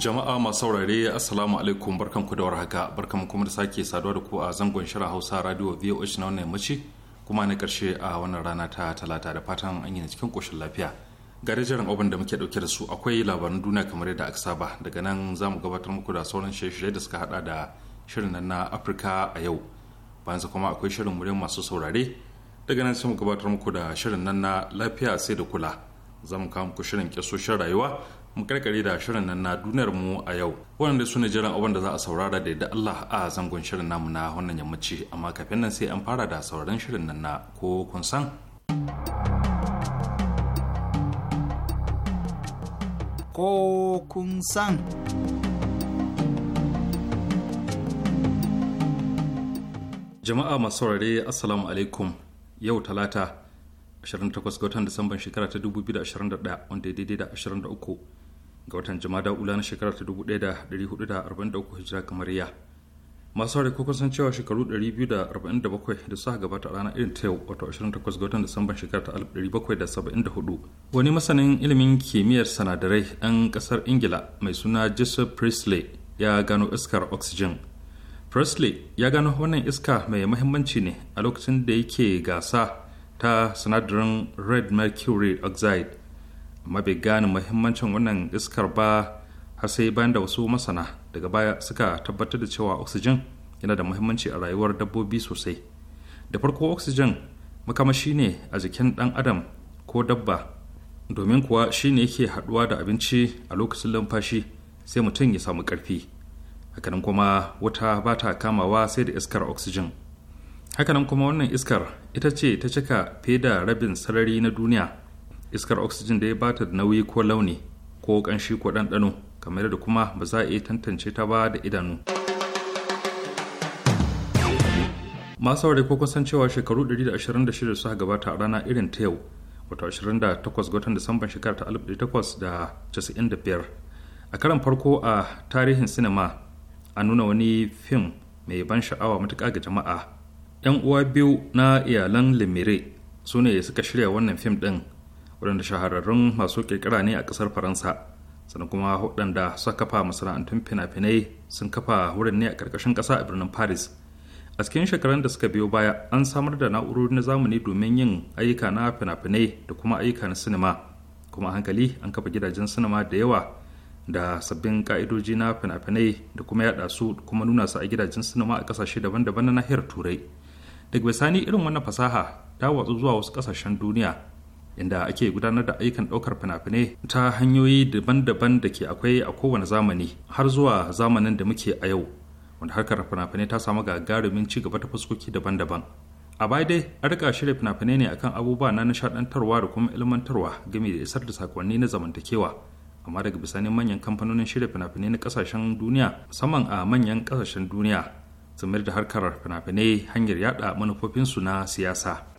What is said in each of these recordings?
jama'a masu saurare assalamu alaikum barkan ku da warhaka barkan kuma da sake saduwa da ku a zangon shirin hausa radio voh na wannan yammaci kuma na karshe a wannan rana ta talata da fatan an yi cikin koshin lafiya ga jiran abin da muke dauke da su akwai labaran duniya kamar yadda aka saba daga nan za mu gabatar muku da sauran shirye-shirye da suka hada da shirin nan na afirka a yau bayan kuma akwai shirin muryar masu saurare daga nan sai mu gabatar muku da shirin nan na lafiya sai da kula zamu kawo muku shirin kyasoshin rayuwa mu karkare da shirin nan na duniyar mu a yau waɗanda su ne jiran abin da za a saurara da yadda Allah a zangon shirin namu na wannan yammaci amma kafin nan sai an fara da sauraron shirin nan na ko kun san ko kun san jama'a masu saurare assalamu alaikum yau talata 28 ga watan disamban shekara ta 2021 wanda ya daidai da 23 ga watan jama'a ula na shekarar ta 1443 hijira kamar ya masu sauri ko kusan cewa shekaru 247 da suka gabata a ranar irin ta yau wato 28 ga watan disamban shekarar ta 1774 wani masanin ilimin kimiyyar sanadarai ɗan ƙasar ingila mai suna joseph presley ya gano iskar oxygen presley ya gano wannan iska mai mahimmanci ne a lokacin da yake gasa ta sinadarin red mercury oxide mabe bai gane muhimmancin wannan iskar ba har sai bayan da wasu masana daga baya suka tabbatar da cewa oxygen yana da muhimmanci a rayuwar dabbobi sosai da farko oxygen makamashi ne a jikin dan adam ko dabba domin kuwa shine yake haduwa da abinci a lokacin lumfashi sai mutum ya samu karfi hakanan kuma wuta ba ta kamawa sai da iskar oxygen hakanan kuma wannan iskar ita ce ta cika fiye da rabin sarari na duniya iskar oxygen da ya bata da nauyi ko launi ko ƙanshi ko ɗanɗano kamar da kuma ba za a iya tantance ta ba da idanu masu aure ko kusan cewa shekaru 126 suka gabata a rana irin ta yau wato 28 ga watan disamban shekara ta 1895 a karan farko a tarihin sinima a nuna wani fim mai ban sha'awa matuƙa ga jama'a 'yan uwa biyu na iyalan lemire su ne suka shirya wannan fim ɗin waɗanda shahararrun masu ƙirƙira ne a ƙasar faransa sannan kuma waɗanda suka kafa masana'antun fina-finai sun kafa wurin ne a ƙarƙashin ƙasa a birnin paris a cikin shekarun da suka biyo baya an samar da na'urori na zamani domin yin ayyuka na fina-finai da kuma ayyuka na sinima kuma hankali an kafa gidajen sinima da yawa da sabbin ka'idoji na fina-finai da kuma yaɗa su kuma nuna su a gidajen sinima a ƙasashe daban-daban na nahiyar turai daga bisani irin wannan fasaha ta watsu zuwa wasu ƙasashen duniya inda ake gudanar da ayyukan ɗaukar fina-finai ta hanyoyi daban-daban da ke akwai a kowane zamani har zuwa zamanin da muke a yau wanda harkar fina-finai ta samu gagarumin ci gaba ta fuskoki daban-daban a baya dai a rika shirya fina-finai ne akan abubuwa na nishadantarwa da kuma ilmantarwa game da isar da sakonni na zamantakewa amma daga bisanin manyan kamfanonin shirya fina-finai na kasashen duniya musamman a manyan kasashen duniya sun da harkar fina-finai hanyar yada manufofinsu na siyasa.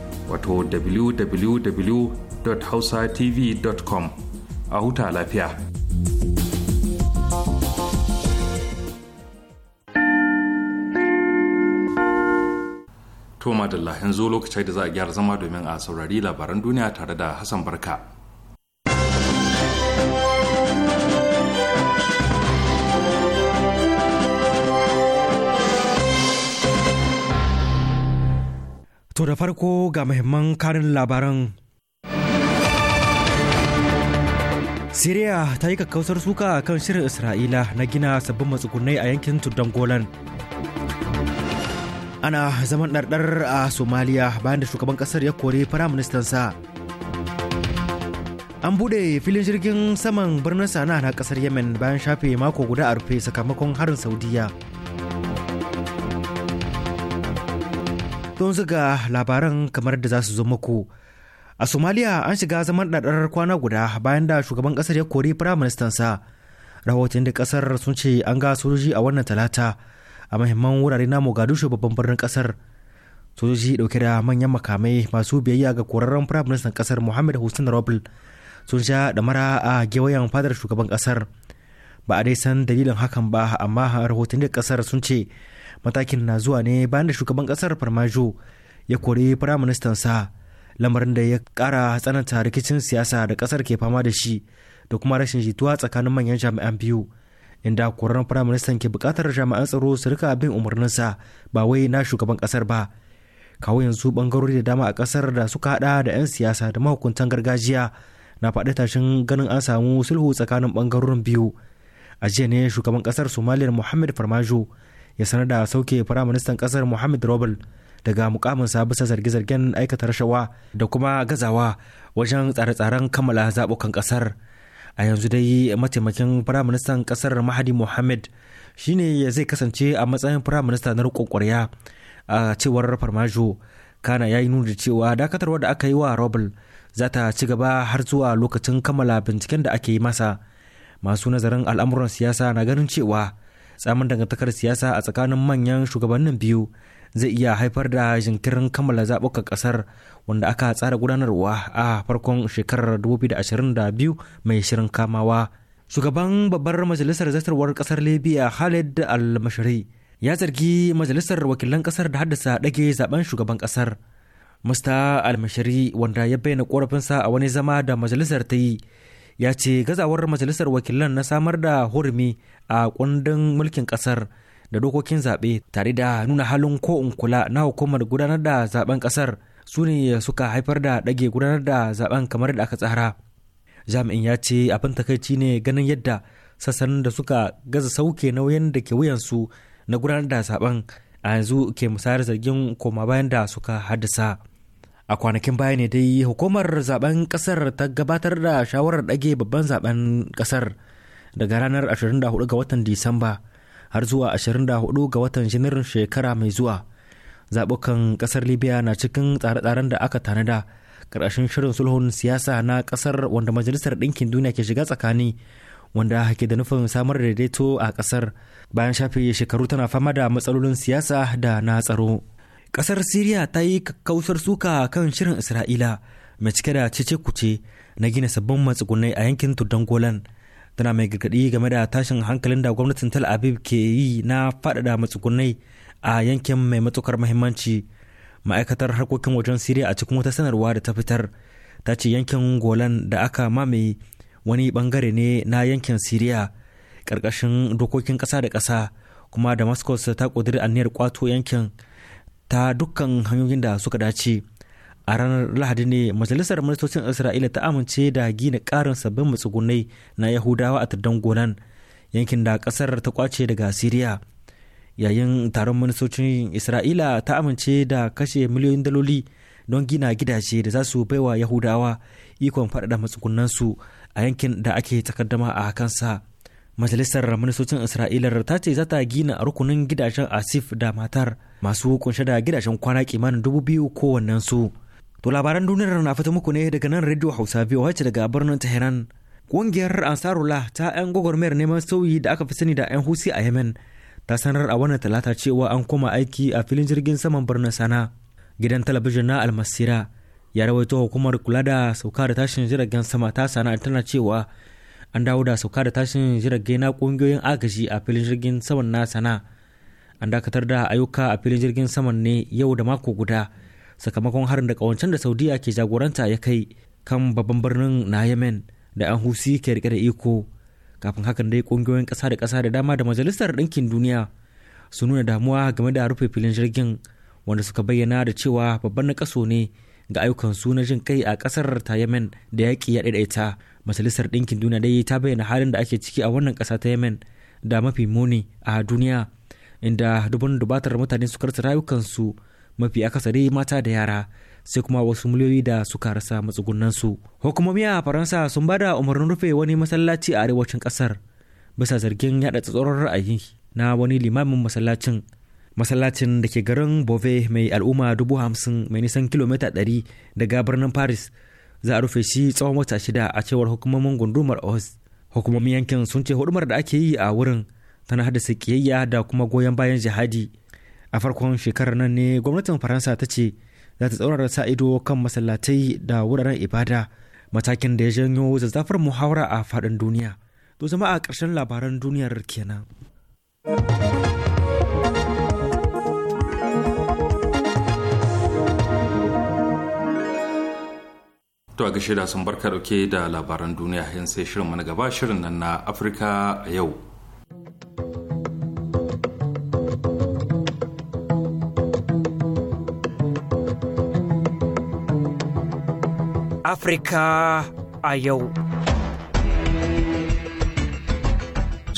wato www.hausatv.com a huta lafiya. To madalla yanzu lokacin da za a gyara zama domin a saurari labaran duniya tare da Hassan Barka. To da farko ga muhimman karin labaran. Siriya ta yi kakkausar suka kan shirin Isra'ila na gina sabbin matsugunai a yankin tuddan Golan. Ana zaman ɗarɗar a Somaliya bayan da shugaban ƙasar ya kori firaministansa. An buɗe filin jirgin saman birnin sana na ƙasar Yemen bayan shafe mako guda a rufe sakamakon harin Saudiyya. don ziga labaran kamar da za su zo muku. A Somalia an shiga zaman ɗaɗarar kwana guda bayan da shugaban ƙasar ya kori firaministansa. Rahoton da ƙasar sun ce an ga sojoji a wannan talata a mahimman wurare na Mogadishu babban birnin ƙasar. Sojoji ɗauke da manyan makamai masu biyayya ga korarren firaministan ƙasar Muhammad Hussein robel sun sha ɗamara a gewayen fadar shugaban ƙasar. Ba a dai san dalilin hakan ba amma rahoton da ƙasar sun ce matakin na zuwa ne bayan da shugaban kasar farmajo ya kori firaministansa lamarin da ya kara tsananta rikicin siyasa da kasar ke fama da shi da kuma rashin jituwa tsakanin manyan jami'an biyu inda koran firaministan ke bukatar jami'an tsaro su rika bin umarninsa ba wai na shugaban kasar ba kawo yanzu bangarori da dama a kasar da suka hada da 'yan siyasa da mahukuntan gargajiya na faɗi tashin ganin an samu sulhu tsakanin bangarorin biyu a jiya ne shugaban kasar somaliyar muhammad farmajo ya sanar da sauke firaministan kasar muhammad robel daga mukamin bisa zarge-zargen aikata rashawa da kuma gazawa wajen tsare-tsaren kammala zaɓukan ƙasar a yanzu dai mataimakin firaministan ƙasar mahadi muhammad shine zai kasance a matsayin firaminista na riƙon ƙwarya a cewar farmajo kana ya yi nuna cewa dakatarwa da aka yi wa robel za ta ci gaba har zuwa lokacin kammala binciken da ake yi masa masu nazarin al'amuran siyasa na ganin cewa tsamin dangantakar siyasa a tsakanin manyan shugabannin biyu zai iya haifar da jinkirin kammala zaɓukan ƙasar wanda aka tsara gudanarwa a farkon shekarar 2022 mai shirin kamawa shugaban babbar majalisar zartarwar ƙasar libya khalid al-mashari ya zargi majalisar wakilan ƙasar da haddasa ɗage zaben shugaban ƙasar musta al-mashari wanda ya bayyana sa a wani zama da majalisar ta yi ya ce gazawar majalisar wakilan na samar da hurumi a kundin mulkin kasar da dokokin zaɓe tare da nuna halin ko in kula na hukumar gudanar da zaben kasar su ne suka haifar da ɗage gudanar da zaben kamar da aka tsara jami'in ya ce abin takaici ne ganin yadda sassan da suka gaza sauke nauyin da ke wuyansu na gudanar da zaben a yanzu ke musayar zargin koma bayan da suka haddasa a kwanakin baya ne dai hukumar zaben kasar ta gabatar da shawarar ɗage babban zaben kasar daga ranar 24 ga watan disamba har zuwa 24 ga watan janairun shekara mai zuwa zaɓukan kasar libya na cikin tsare-tsaren da aka tanada ƙarshen shirin sulhun siyasa na kasar wanda majalisar ɗinkin duniya ke shiga tsakani wanda ke da nufin samar da daidaito a kasar bayan shafe shekaru tana fama da matsalolin siyasa da na tsaro Ƙasar Siriya ta yi kausar suka kan shirin Isra'ila mai cike da cece kuce na gina sabbin matsugunai a yankin tuddan Golan. Tana mai gargaɗi game da tashin hankalin da gwamnatin Tel Aviv ke yi na faɗaɗa matsugunai a yankin mai matsukar muhimmanci. Ma'aikatar harkokin wajen Siriya a cikin wata sanarwa da ta fitar ta ce yankin Golan da aka mamaye wani bangare ne na yankin Siriya ƙarƙashin dokokin ƙasa da ƙasa kuma Damascus ta ƙudiri aniyar kwato yankin ta dukkan hanyoyin da suka dace a ranar lahadi ne majalisar ministocin isra'ila ta amince da gina karin sabbin matsugunai na yahudawa a tuddan golan yankin da kasar ta kwace daga siriya yayin taron ministocin isra'ila ta amince da kashe miliyoyin daloli don gina gidaje da za su baiwa yahudawa ikon faɗaɗa matsugunansu a yankin da ake takaddama a kansa majalisar ministocin isra'ila ta ce za ta gina rukunin gidajen asif da matar masu kunshe da gidajen kwana kimanin dubu biyu kowannen su to labaran duniyar na fita muku ne daga nan radio hausa biyu wacce daga birnin tehran ƙungiyar ansarula ta 'yan gwagwarmayar neman sauyi da aka fi sani da 'yan husi a yemen ta sanar a wannan talata cewa an koma aiki a filin jirgin saman birnin sana gidan talabijin na almasira ya rawaito hukumar kula da sauka da tashin jiragen sama ta sana tana cewa an dawo da sauka da tashin jirage na kungiyoyin agaji a filin jirgin saman na sana an dakatar da ayyuka a filin jirgin saman ne yau da mako guda sakamakon harin da kawancen da saudiya ke jagoranta ya kai kan babban birnin na yemen da an husi ke rike da iko kafin hakan dai kungiyoyin kasa da kasa da dama da majalisar ɗinkin duniya su nuna damuwa game da rufe filin jirgin wanda suka bayyana da cewa babban na kaso ne ga ayyukan na jin kai a kasar ta yemen da yaƙi ya ɗaiɗaita majalisar ɗinkin duniya dai ta bayyana halin da ake ciki a wannan ƙasa ta yemen da mafi muni a duniya inda dubban dubatar mutane suka rasa rayukansu mafi akasari mata da yara sai kuma wasu miliyoyi da suka rasa matsugunansu hukumomi a faransa sun bada umarnin rufe wani masallaci a arewacin kasar. bisa zargin yada tsatsoron ra'ayi na wani limamin masallacin masallacin da ke garin bove mai al'umma dubu mai nisan kilomita 100 daga birnin paris za a rufe shi tsawon wata shida a cewar hukumomin gundumar os hukumomin yankin sun ce hudumar da ake yi a wurin tana haddasa kiyayya da kuma goyon bayan jihadi a farkon shekarar nan ne gwamnatin faransa ta ce za ta tsaurara sa ido kan masallatai da wuraren ibada matakin da ya janyo zazzafar muhawara a faɗin duniya to zama a ƙarshen labaran duniyar kenan. To a gashe da sun barka dauke da labaran duniya yan sai shirin mana gaba shirin nan na Afirka a yau. Afirka a yau.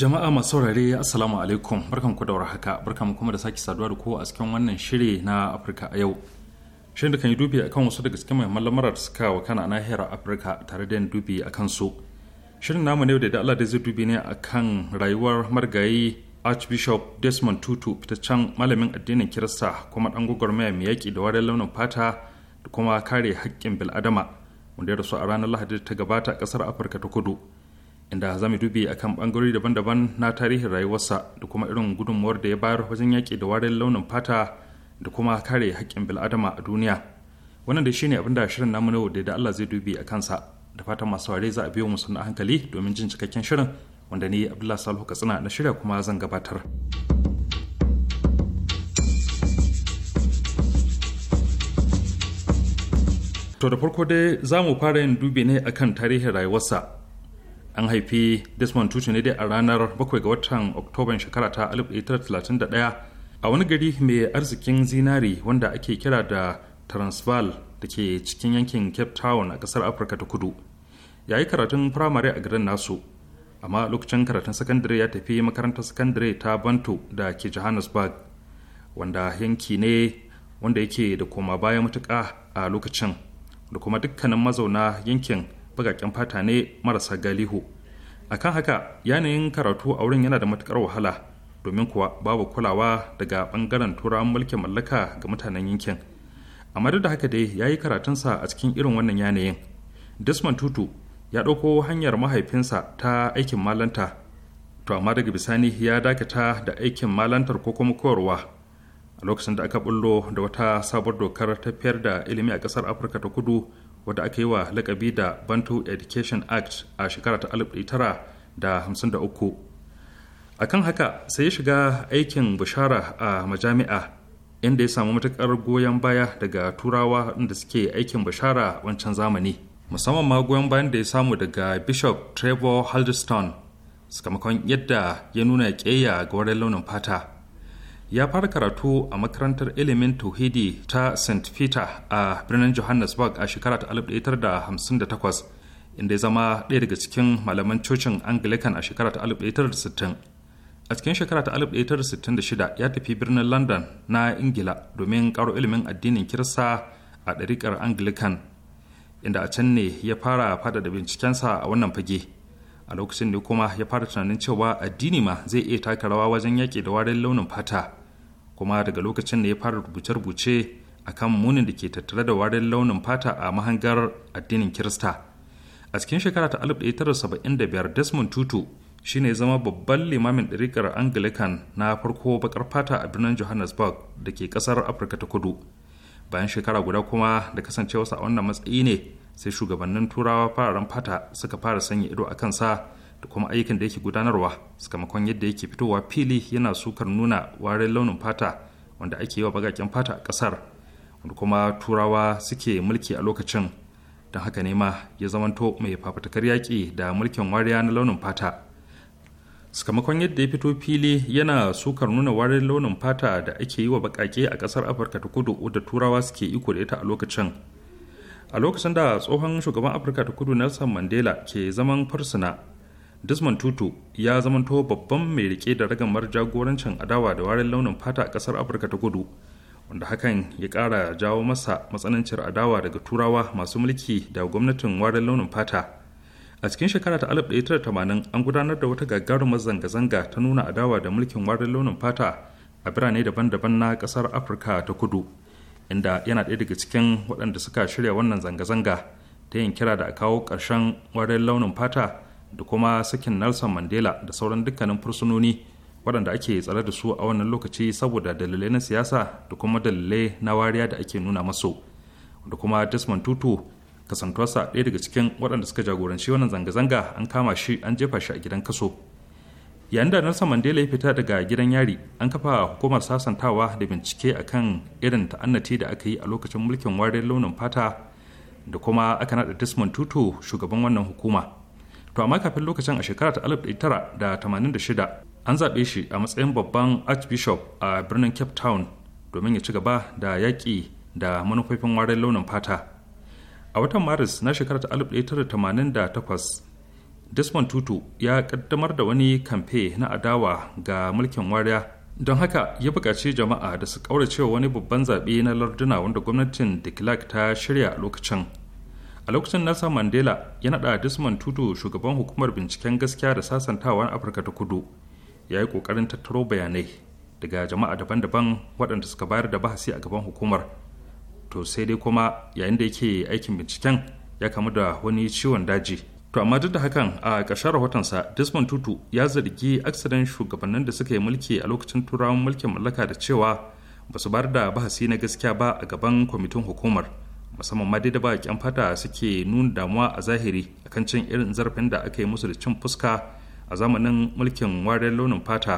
Jama'a masu saurare Assalamu alaikum barkan ku da haka barkan kuma da sake saduwa da ku a cikin wannan shiri na Afirka a yau. shirin da kan yi dubi akan wasu daga cikin mahimman lamura da suka wa kana nahiyar afirka tare da yin dubi akan su shirin namu ne da allah da zai dubi ne akan rayuwar margayi archbishop desmond tutu fitaccen malamin addinin kirista kuma dan gwagwarmaya mai yaki da warin launin fata da kuma kare haƙƙin bil'adama wanda ya rasu a ranar lahadi ta gabata a ƙasar afirka ta kudu inda za mu dubi akan bangarori daban-daban na tarihin rayuwarsa da kuma irin gudunmuwar da ya bayar wajen yaki da warin launin fata da kuma kare haƙƙin bil'adama a duniya wannan da shine abin da shirin namu na da Allah zai dubi a kansa da fatan masu ware za a biyo mu sannan hankali domin jin cikakken shirin wanda ni Abdullahi Salihu Katsina na shirya kuma zan gabatar. To da farko dai za mu fara yin dubi ne akan tarihin rayuwarsa. An haifi Desmond Tutu ne dai a ranar 7 ga watan oktoba shekara ta 1931 a wani gari mai arzikin zinari wanda ake kira da transvaal da ke cikin yankin cape town a kasar afirka ta kudu ya yi karatun firamare a garin nasu amma lokacin karatun sakandare ya tafi makarantar sakandare ta banto da ke johannesburg wanda yanki ne wanda yake da koma baya matuka a lokacin da kuma dukkanin mazauna yankin bagaƙen fata ne marasa galihu akan haka yanayin karatu a wurin yana da matuƙar wahala domin kuwa babu kulawa daga bangaren turawan mulkin mallaka ga mutanen yankin amma duk da haka dai ya yi karatunsa a cikin irin wannan yanayin desmond tutu ya ɗauko hanyar mahaifinsa ta aikin malanta to amma daga bisani ya dakata da aikin malantar ko kuma koyarwa a lokacin da aka bullo da wata sabuwar dokar tafiyar da ilimi a ƙasar afirka ta kudu wadda aka yi wa lakabi da bantu education act a shekara ta 1953 a kan haka sai ya shiga aikin bishara a majami'a inda ya samu matuƙar goyon baya daga turawa inda suke aikin bishara wancan zamani musamman ma goyon bayan da ya samu daga bishop trevor haldston sakamakon yadda ya nuna ƙeya ga wurin launin fata ya fara karatu a makarantar ilimin tauhidi ta st peter a birnin johannesburg a shekara ta 1958 inda ya zama ɗaya daga cikin malaman cocin anglican a shekara ta 1960 a cikin shekara ta 1966 ya tafi birnin london na ingila domin karo ilimin addinin kirista a ɗariƙar anglican inda a can ne ya fara faɗaɗa bincikensa a wannan fage a lokacin ne kuma ya fara tunanin cewa addini ma zai iya taka rawa wajen yaƙi da warin launin fata kuma daga lokacin da ya fara rubuce-rubuce kan munin da ke tattare da warin launin fata a mahangar addinin kirista a cikin shekara ta 1975 desmond tutu shine zama babban limamin ɗarikar anglican na farko bakar fata a birnin johannesburg da ke ƙasar afirka ta kudu bayan shekara guda kuma da kasancewarsa a wannan matsayi ne sai shugabannin turawa fararen fata suka fara sanya ido a kansa da kuma ayyukan da yake gudanarwa sakamakon yadda yake fitowa fili yana sukar nuna warin launin fata wanda ake yi wa bagaken fata a ƙasar wanda kuma turawa suke mulki a lokacin don haka ne ma ya zamanto mai fafatakar yaƙi da mulkin wariya na launin fata sakamakon yadda ya fito fili yana sukar nuna warin launin fata da ake yi wa bakake a kasar afirka ta kudu da turawa suke iko da ita a lokacin a lokacin da tsohon shugaban afirka ta kudu nelson mandela ke zaman farsuna desmond tutu ya zamanto babban mai rike da ragamar jagorancin adawa da warin launin fata a kasar afirka ta kudu wanda hakan ya kara jawo masa matsanancin adawa daga turawa masu mulki da gwamnatin warin launin fata a cikin shekara ta 1980 an gudanar da wata gagarumar zanga-zanga ta nuna adawa da mulkin warin launin fata a birane daban-daban na kasar afirka ta kudu inda yana ɗaya daga cikin waɗanda suka shirya wannan zanga-zanga ta yin kira da a kawo ƙarshen warin launin fata da kuma sakin nelson mandela da sauran dukkanin fursunoni waɗanda ake tsare da su a wannan lokaci saboda dalilai na siyasa da kuma dalilai na wariya da ake nuna masu da kuma desmond tutu kasantuwarsa ɗaya daga cikin waɗanda suka jagoranci wannan zanga-zanga an kama shi an jefa shi a gidan kaso yayin da nelson mandela ya fita daga gidan yari an kafa hukumar sasantawa da bincike a kan irin ta'annati da aka yi a lokacin mulkin wariyar launin fata da kuma aka naɗa desmond tutu shugaban wannan hukuma to amma kafin lokacin a shekara ta shida an zaɓe shi a matsayin babban archbishop a birnin cape town domin ya ci gaba da yaƙi da manufofin wariyar launin fata a watan maris na shekarar ta 1988 desmond tutu ya kaddamar da wani kamfe na adawa ga mulkin wariya don haka ya buƙaci jama'a da su ƙauracewa wani babban zaɓe na larduna wanda gwamnatin de clark ta shirya lokacin a lokacin nasa mandela ya naɗa desmond tutu shugaban hukumar binciken gaskiya da sasantawa na afirka ta kudu ya yi ƙoƙarin tattaro bayanai daga jama'a daban-daban waɗanda suka bayar da bahasi a gaban hukumar to sai dai kuma yayin da yake aikin binciken ya kamu da wani ciwon daji to amma duk da hakan a ƙarshen rahotonsa desmond tutu ya zargi aksidan shugabannin da suka yi mulki a lokacin turawan mulkin mallaka da cewa ba su bar da bahasi na gaskiya ba a gaban kwamitin hukumar musamman ma da ba fata suke nuna damuwa a zahiri akan cin irin zarafin da aka yi musu da cin fuska a zamanin mulkin wariyar launin fata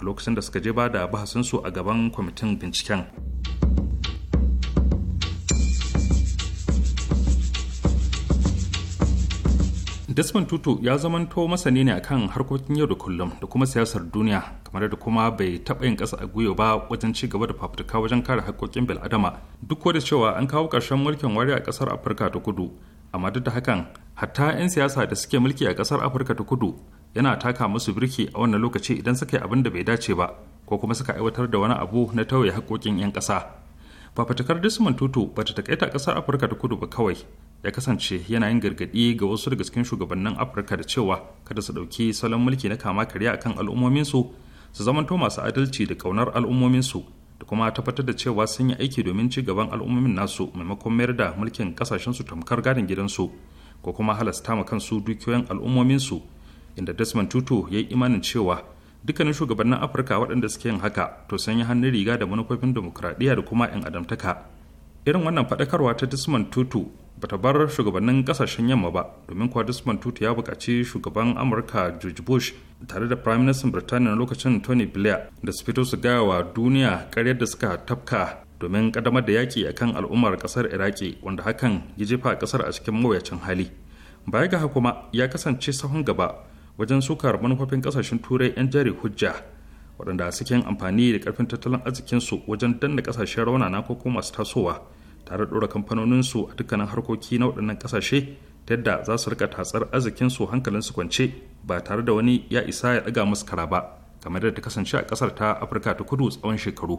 a lokacin da suka je ba da bahasinsu a gaban kwamitin binciken. Desmond Tutu ya zamanto masani ne akan harkokin yau da kullum da kuma siyasar duniya kamar da kuma bai taɓa yin ƙasa a gwiwa ba wajen ci gaba da fafutuka wajen kare harkokin bil'adama duk da cewa an kawo ƙarshen mulkin wari a ƙasar Afirka ta kudu amma duk da hakan hatta 'yan siyasa da suke mulki a ƙasar Afirka ta kudu yana taka musu birki a wannan lokaci idan suka yi abin da bai dace ba ko kuma suka aiwatar da wani abu na tauye haƙoƙin 'yan ƙasa. fafatakar Desmond Tutu ba ta takaita ƙasar Afirka ta kudu ba kawai ya kasance yana yin gargaɗi ga wasu daga cikin shugabannin afirka da cewa kada su ɗauki salon mulki na kama karya akan al'ummominsu su zamanto masu adalci da ƙaunar al'ummominsu da kuma tabbatar da cewa sun yi aiki domin ci gaban al'ummomin nasu maimakon mayar da mulkin kasashensu tamkar gadin gidansu ko kuma halasta ma kansu dukiyoyin al'ummominsu inda desmond tutu ya yi imanin cewa dukkanin shugabannin afirka waɗanda suke yin haka to sun yi hannun riga da manufofin demokuraɗiyya da kuma 'yan adamtaka irin wannan faɗakarwa ta desmond tutu bata bar shugabannin kasashen yamma ba domin kuwa desmond tutu ya buƙaci shugaban amurka george bush tare da prime minister birtaniya na lokacin tony blair da su fito su gaya wa duniya karyar da suka tafka domin ƙaddamar da yaƙi akan al'ummar kasar iraki wanda hakan ya jefa ƙasar a cikin mawuyacin hali baya ga kuma ya kasance sahun gaba wajen sukar manufofin kasashen turai 'yan jari hujja waɗanda suke amfani da ƙarfin tattalin arzikinsu wajen danna ƙasashen raunana ko kuma masu tasowa tare da ɗora su a dukkanin harkoki na waɗannan ƙasashe ta yadda za su rika tatsar arzikin arzikinsu su kwance ba tare da wani ya isa ya ɗaga musu kara ba kamar da ta kasance a ƙasar ta afirka ta kudu tsawon shekaru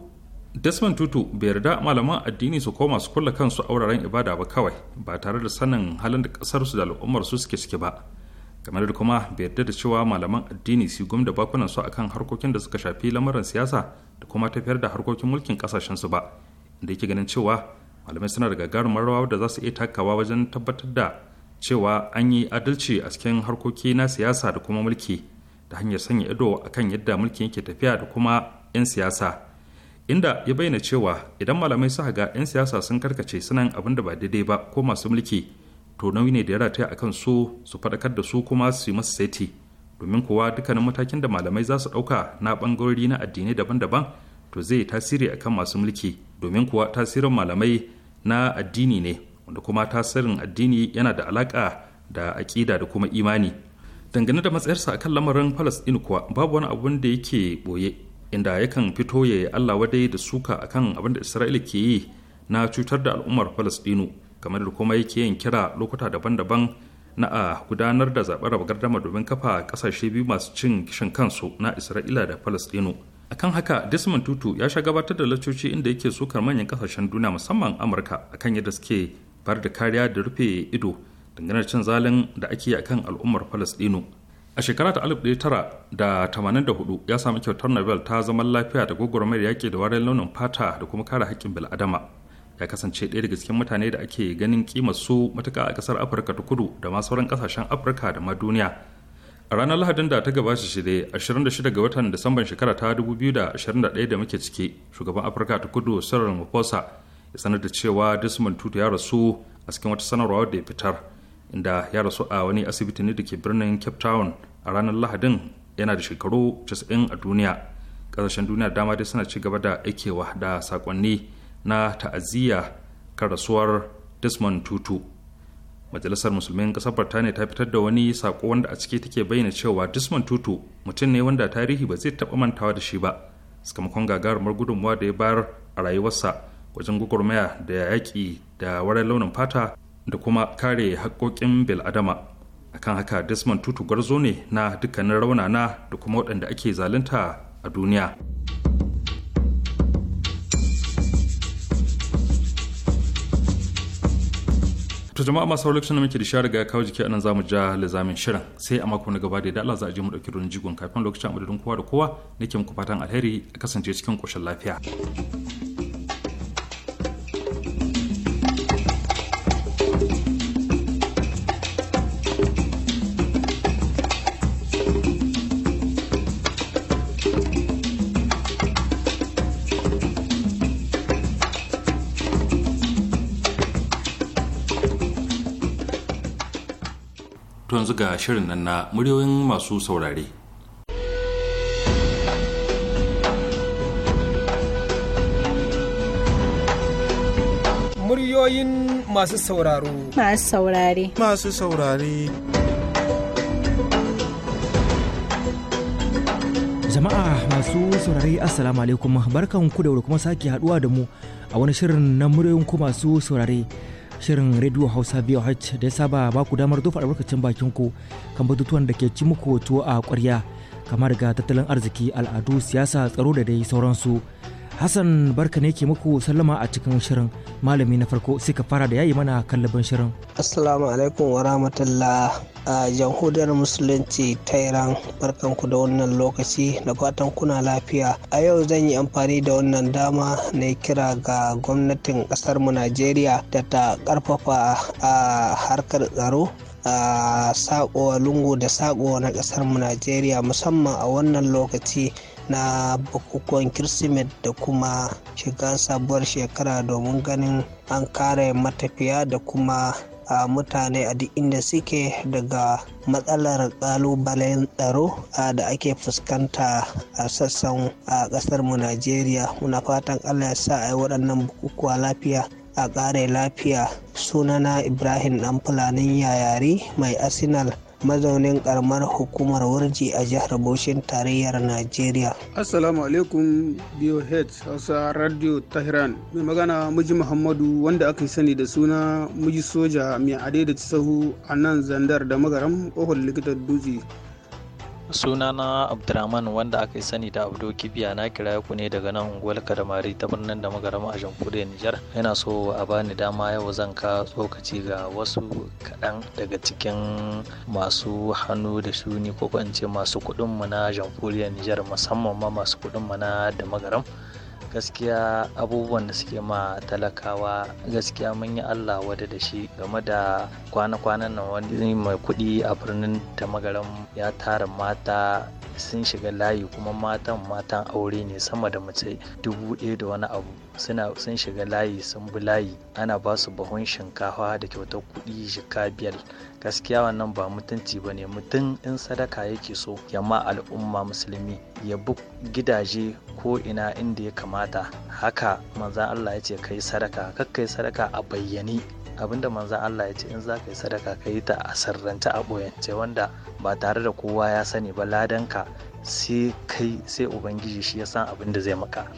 Desmond Tutu bai yarda malaman addini su koma su kulla kansu a wuraren ibada ba kawai ba tare da sanin halin da kasarsu da al'ummar su suke suke ba. Kamar da kuma bai yarda da cewa malaman addini su gumda bakunan su akan harkokin da suka shafi lamarin siyasa da kuma tafiyar da harkokin mulkin kasashen su ba. da yake ganin cewa malamai suna da gagarumar rawa da za su iya takawa wajen tabbatar da cewa an yi adalci a cikin harkoki na siyasa da kuma mulki da hanyar sanya ido a kan yadda mulkin yake tafiya da kuma 'yan siyasa inda ya bayyana cewa idan malamai suka ga 'yan siyasa sun karkace sunan abin da ba daidai ba ko masu mulki to nauyi ne da ya rataya akan su su faɗakar da su kuma su yi masu saiti domin kuwa dukkanin matakin da malamai za su ɗauka na ɓangarori na addinai daban-daban to zai tasiri akan masu mulki domin kuwa tasirin malamai na addini ne wanda kuma tasirin addini yana da alaƙa da aƙida da kuma imani dangane da matsayarsa akan lamarin palestine kuwa babu wani abun da yake boye inda yakan fito ya allah wadai da suka akan abin da isra'ila ke yi na cutar da al'ummar palestine kamar da kuma yake yin kira lokuta daban-daban na a gudanar da zaɓen raba gardama domin kafa ƙasashe biyu masu cin kishin kansu na isra'ila da palestine akan haka desmond tutu ya sha gabatar da lacoci inda yake sukar manyan kasashen duniya musamman amurka akan yadda suke bar da kariya da rufe ido dangane da cin zalin da ake yi akan al'ummar palestino a shekara ta 1984 ya sami kyautar nobel ta zaman lafiya da gwagwarmayar yaƙi da warin launin fata da kuma kare haƙƙin bil'adama ya kasance ɗaya daga cikin mutane da ake ganin kimar su matuƙa a ƙasar afirka ta kudu da ma sauran ƙasashen afirka da ma duniya a ranar lahadin da ta gabata dai 26 ga watan disamban shekara ta 2021 da muke ciki shugaban afirka ta kudu sarar mafosa ya sanar da cewa desmond tutu ya rasu a cikin wata sanarwa da ya fitar inda ya rasu a wani asibiti ne da ke birnin cape town a ranar lahadin yana da shekaru 90 a duniya kasashen duniya dama dai suna ci gaba da aikewa da sakonni na ta'aziyya kan rasuwar desmond tutu majalisar musulmin kasar birtaniya ta fitar da wani sako wanda a ciki take bayyana cewa disman tutu mutum ne wanda tarihi ba zai taɓa mantawa da shi ba sakamakon gagarumar gudunmuwa da ya bayar a rayuwarsa wajen gwagwarmaya da yaƙi da wurin launin fata da kuma kare haƙƙoƙin bil'adama akan haka desmond tutu gwarzo ne na dukkanin raunana da kuma waɗanda ake zalunta a duniya. to jama'a masu lokacin da muke da share ga kawo jiki anan zamu ja lizamin shirin sai a mako na gaba da Allah za a je mu dauki ruwan jigon kafin lokacin amadadin kowa da kowa nake muku fatan alheri a kasance cikin koshin lafiya yanzu ga shirin nan na muryoyin masu saurare muryoyin masu sauraro masu saurare masu saurare jama'a masu saurari assalamu alaikum barkan ku da kuma sake haduwa da mu a wani shirin na muryoyin ku masu saurare shirin rediyo hausa voh da ya saba ba ku damar dofa albarkacin bakin ku kan batutuwan da ke ci muku tuwo a kwarya kamar ga tattalin arziki al'adu siyasa tsaro da dai sauransu hassan barka ne ke muku sallama a cikin shirin malami na farko sai ka fara da yayi mana kallabin shirin assalamu alaikum wa rahmatullah a jamhuriyar musulunci ta iran barkanku da wannan lokaci da fatan kuna lafiya a yau zan yi amfani da wannan dama na kira ga gwamnatin mu najeriya da ta karfafa a harkar tsaro a sakowa lungu da sakowa na mu najeriya musamman a wannan lokaci na bukukuwan kirsimet da kuma shiga sabuwar shekara domin ganin an kare matafiya da kuma a mutane a duk inda suke daga matsalar kalubalen tsaro da ake fuskanta a sassan a kasar mu najeriya muna fatan allah ya sa a yi waɗannan bukukuwa lafiya a ƙare lafiya sunana ibrahim ɗan fulanin yayari mai arsenal mazaunin karamar hukumar wurji a jihar Bauchin tarayyar Najeriya. Assalamu alaikum BOH Hausa Radio Tehran. Mai magana Muji Muhammadu wanda aka sani da suna Muji Soja mai adai da sahu a nan zandar da magaram ƙofar likitar dutse. sunana abdulrahman wanda aka yi sani da abdo kibiya na kira ku ne daga nan unguwar kadamari ta birnin da magarama a jamhuriyar nijar yana so a bani dama yau zan ka tsokaci ga wasu kaɗan daga cikin masu hannu da shuni ko in ce masu kuɗin mu na jamhuriyar nijar musamman ma masu kuɗin mu na da magaram gaskiya abubuwan da suke ma talakawa gaskiya mun yi allah wada da shi game da kwana-kwanan nan wani mai kuɗi a birnin tamagaram ya tara mata sun shiga layi kuma matan matan aure ne sama da mace dubu ɗaya da wani abu suna sun shiga layi sun bi layi ana ba su buhun shinkafa da kyautar kuɗi jika biyar gaskiya wannan ba mutunci ba ne mutum in sadaka yake so ya ma al'umma musulmi ya bi gidaje ko ina inda ya kamata haka manzan allah ya ce ka yi sadaka yi sadaka a bayyane abinda manzan Allah ya ce in za ka yi sadaka ka yi ta a sarrance a ɓoyance wanda ba tare da kowa ya sani ba ladanka sai kai sai ubangiji shi ya san abin da zai maka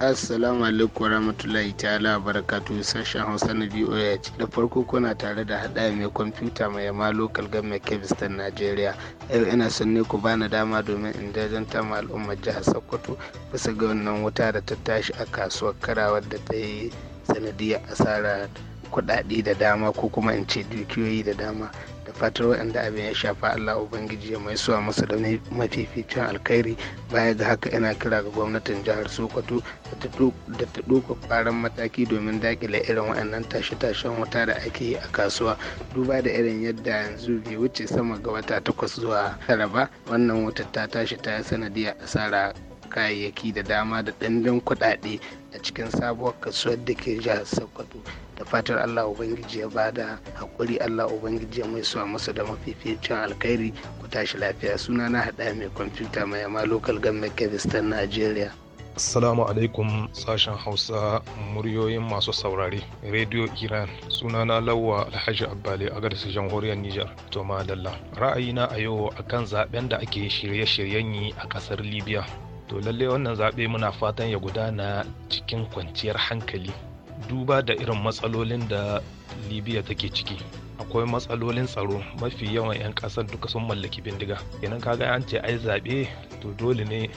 assalamu alaikum warahmatullahi ta'ala barakatu sashen hausa na voa da farko kuna tare da haɗa mai kwamfuta mai yama local government kebistan nigeria yau ina son ne ku bani dama domin in jajanta ma al'ummar jihar sokoto bisa ga wannan wuta da ta tashi a kasuwar karawar da ta yi sanadiyar asarar kuɗaɗe da dama ko kuma in ce dukiyoyi da dama da fatar waɗanda abin ya shafa Allah Ubangiji ya mai suwa masa da mafificin alkhairi baya ga haka yana kira ga gwamnatin jihar Sokoto da ta ɗauka ƙwaran mataki domin daƙile irin waɗannan tashe-tashen wuta da ake yi a kasuwa duba da irin yadda yanzu bai wuce sama ga wata takwas zuwa tara ba wannan wutar ta tashi ta yi sanadiyar asara kayayyaki da dama da ɗanɗan kuɗaɗe a cikin sabuwar kasuwar da ke jihar Sokoto da fatar allah ubangiji ya bada hakuri allah ubangiji ya mai suwa masa da mafificin alkhairi ku tashi lafiya suna na haɗa mai kwamfuta mai amma local government kebistan nigeria Assalamu alaikum sashen Hausa muryoyin masu saurare. Radio Iran suna sunana Lawwa Alhaji Abbali a gadis jamhuriyar Nijar. To madalla. Ra'ayina a yau akan zaɓen da ake shirye-shiryen yi a kasar Libya. To lalle wannan zaɓe muna fatan ya gudana cikin kwanciyar hankali duba da irin matsalolin da libya take ciki akwai matsalolin tsaro mafi yawan 'yan kasar duka sun mallaki bindiga idan kaga an ce ai zaɓe to dole ne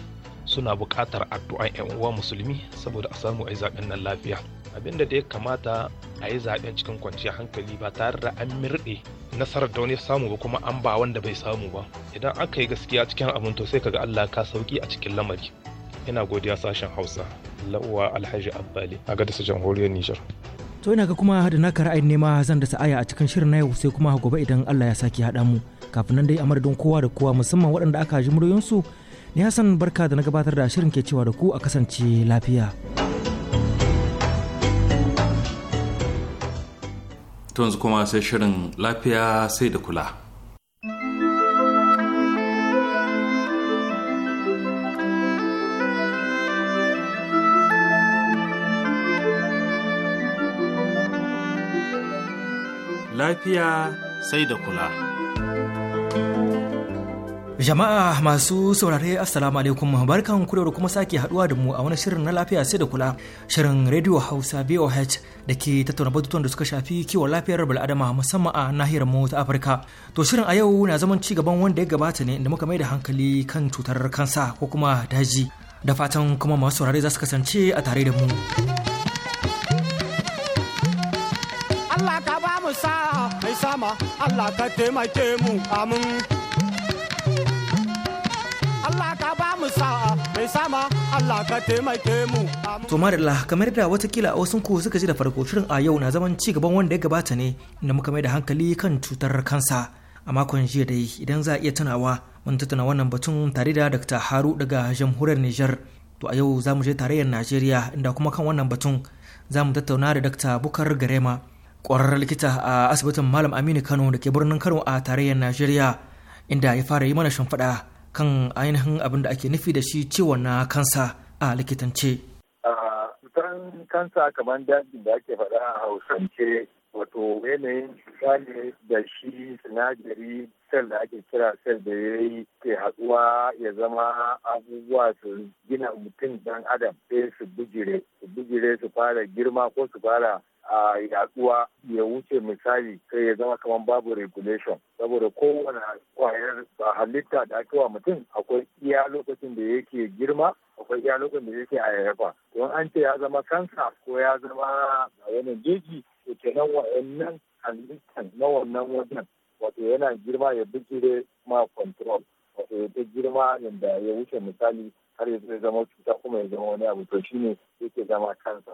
suna buƙatar addu'an 'yan uwa musulmi saboda a samu ai zaɓen nan lafiya abin da ya kamata a yi zaɓen cikin kwanciyar hankali ba tare da an mirɗe nasarar da wani samu ba kuma an ba wanda bai samu ba idan aka yi gaskiya cikin abin to sai kaga allah ka sauki a cikin lamari ina godiya sashen hausa la'uwa alhaji abbali a gadasa jamhuriyar nijar to ina ga kuma da naka ra'ayin nema zan da sa'aya a cikin shirin na yau sai kuma gobe idan Allah ya sake haɗa mu kafin nan dai a madadin kowa da kowa musamman waɗanda aka ji muryoyinsu ni Hassan barka da na gabatar da shirin ke cewa da ku a kasance lafiya to yanzu kuma sai shirin lafiya sai da kula lafiya sai da kula. Jama'a masu saurare Assalamu alaikum barkan da kuma sake haduwa da mu a wani shirin na lafiya sai da kula shirin Radio Hausa BOH da ke tattauna batutuwan da suka shafi kiwon lafiyar bil'adama musamman a nahiyar mu ta Afirka. To shirin a yau na zaman ci gaban wanda ya gabata ne da muka mai da hankali kan cutar kansa ko kuma daji. Da fatan kuma masu saurare za su kasance a tare da mu. sa mai sama Allah ka taimake mu amin Allah ka ba mu sa'a mai sama Allah ka taimake mu To madalla kamar da watakila a wasu ku suka ji da farko shirin a yau na zaman ci gaban wanda ya gabata ne inda muka mai da hankali kan cutar kansa a makon jiya dai idan za a iya tunawa mun tattauna wannan batun tare da Dr. Haru daga jamhuriyar Nijar to a yau za mu je tarayyar Najeriya inda kuma kan wannan batun za mu tattauna da Dr. Bukar Garema ƙwararren likita a asibitin malam aminu kano da ke birnin kano a tarayyar najeriya inda ya fara yi mana shimfiɗa kan ainihin abin da ake nufi da shi ciwon na kansa a likitance. cutan kansa kamar dajin da ake faɗa a hausance wato yanayin cuta ne da shi sinadari sel da ake kira sel da ya yi ke haɗuwa ya zama abubuwa su gina mutum dan adam sai su bijire su bijire su fara girma ko su fara a yaduwa ya wuce misali sai ya zama kamar babu regulation saboda kowane kwayar halitta da ake wa mutum akwai iya lokacin da yake girma akwai iya lokacin da yake hayayyafa don an ce ya zama kansa ko ya zama wani jeji to kenan wa'annan halittan na wannan wajen wato yana girma ya bijire ma control wato ya girma yadda ya wuce misali har ya zama cuta kuma ya zama wani abu to shine yake zama kansa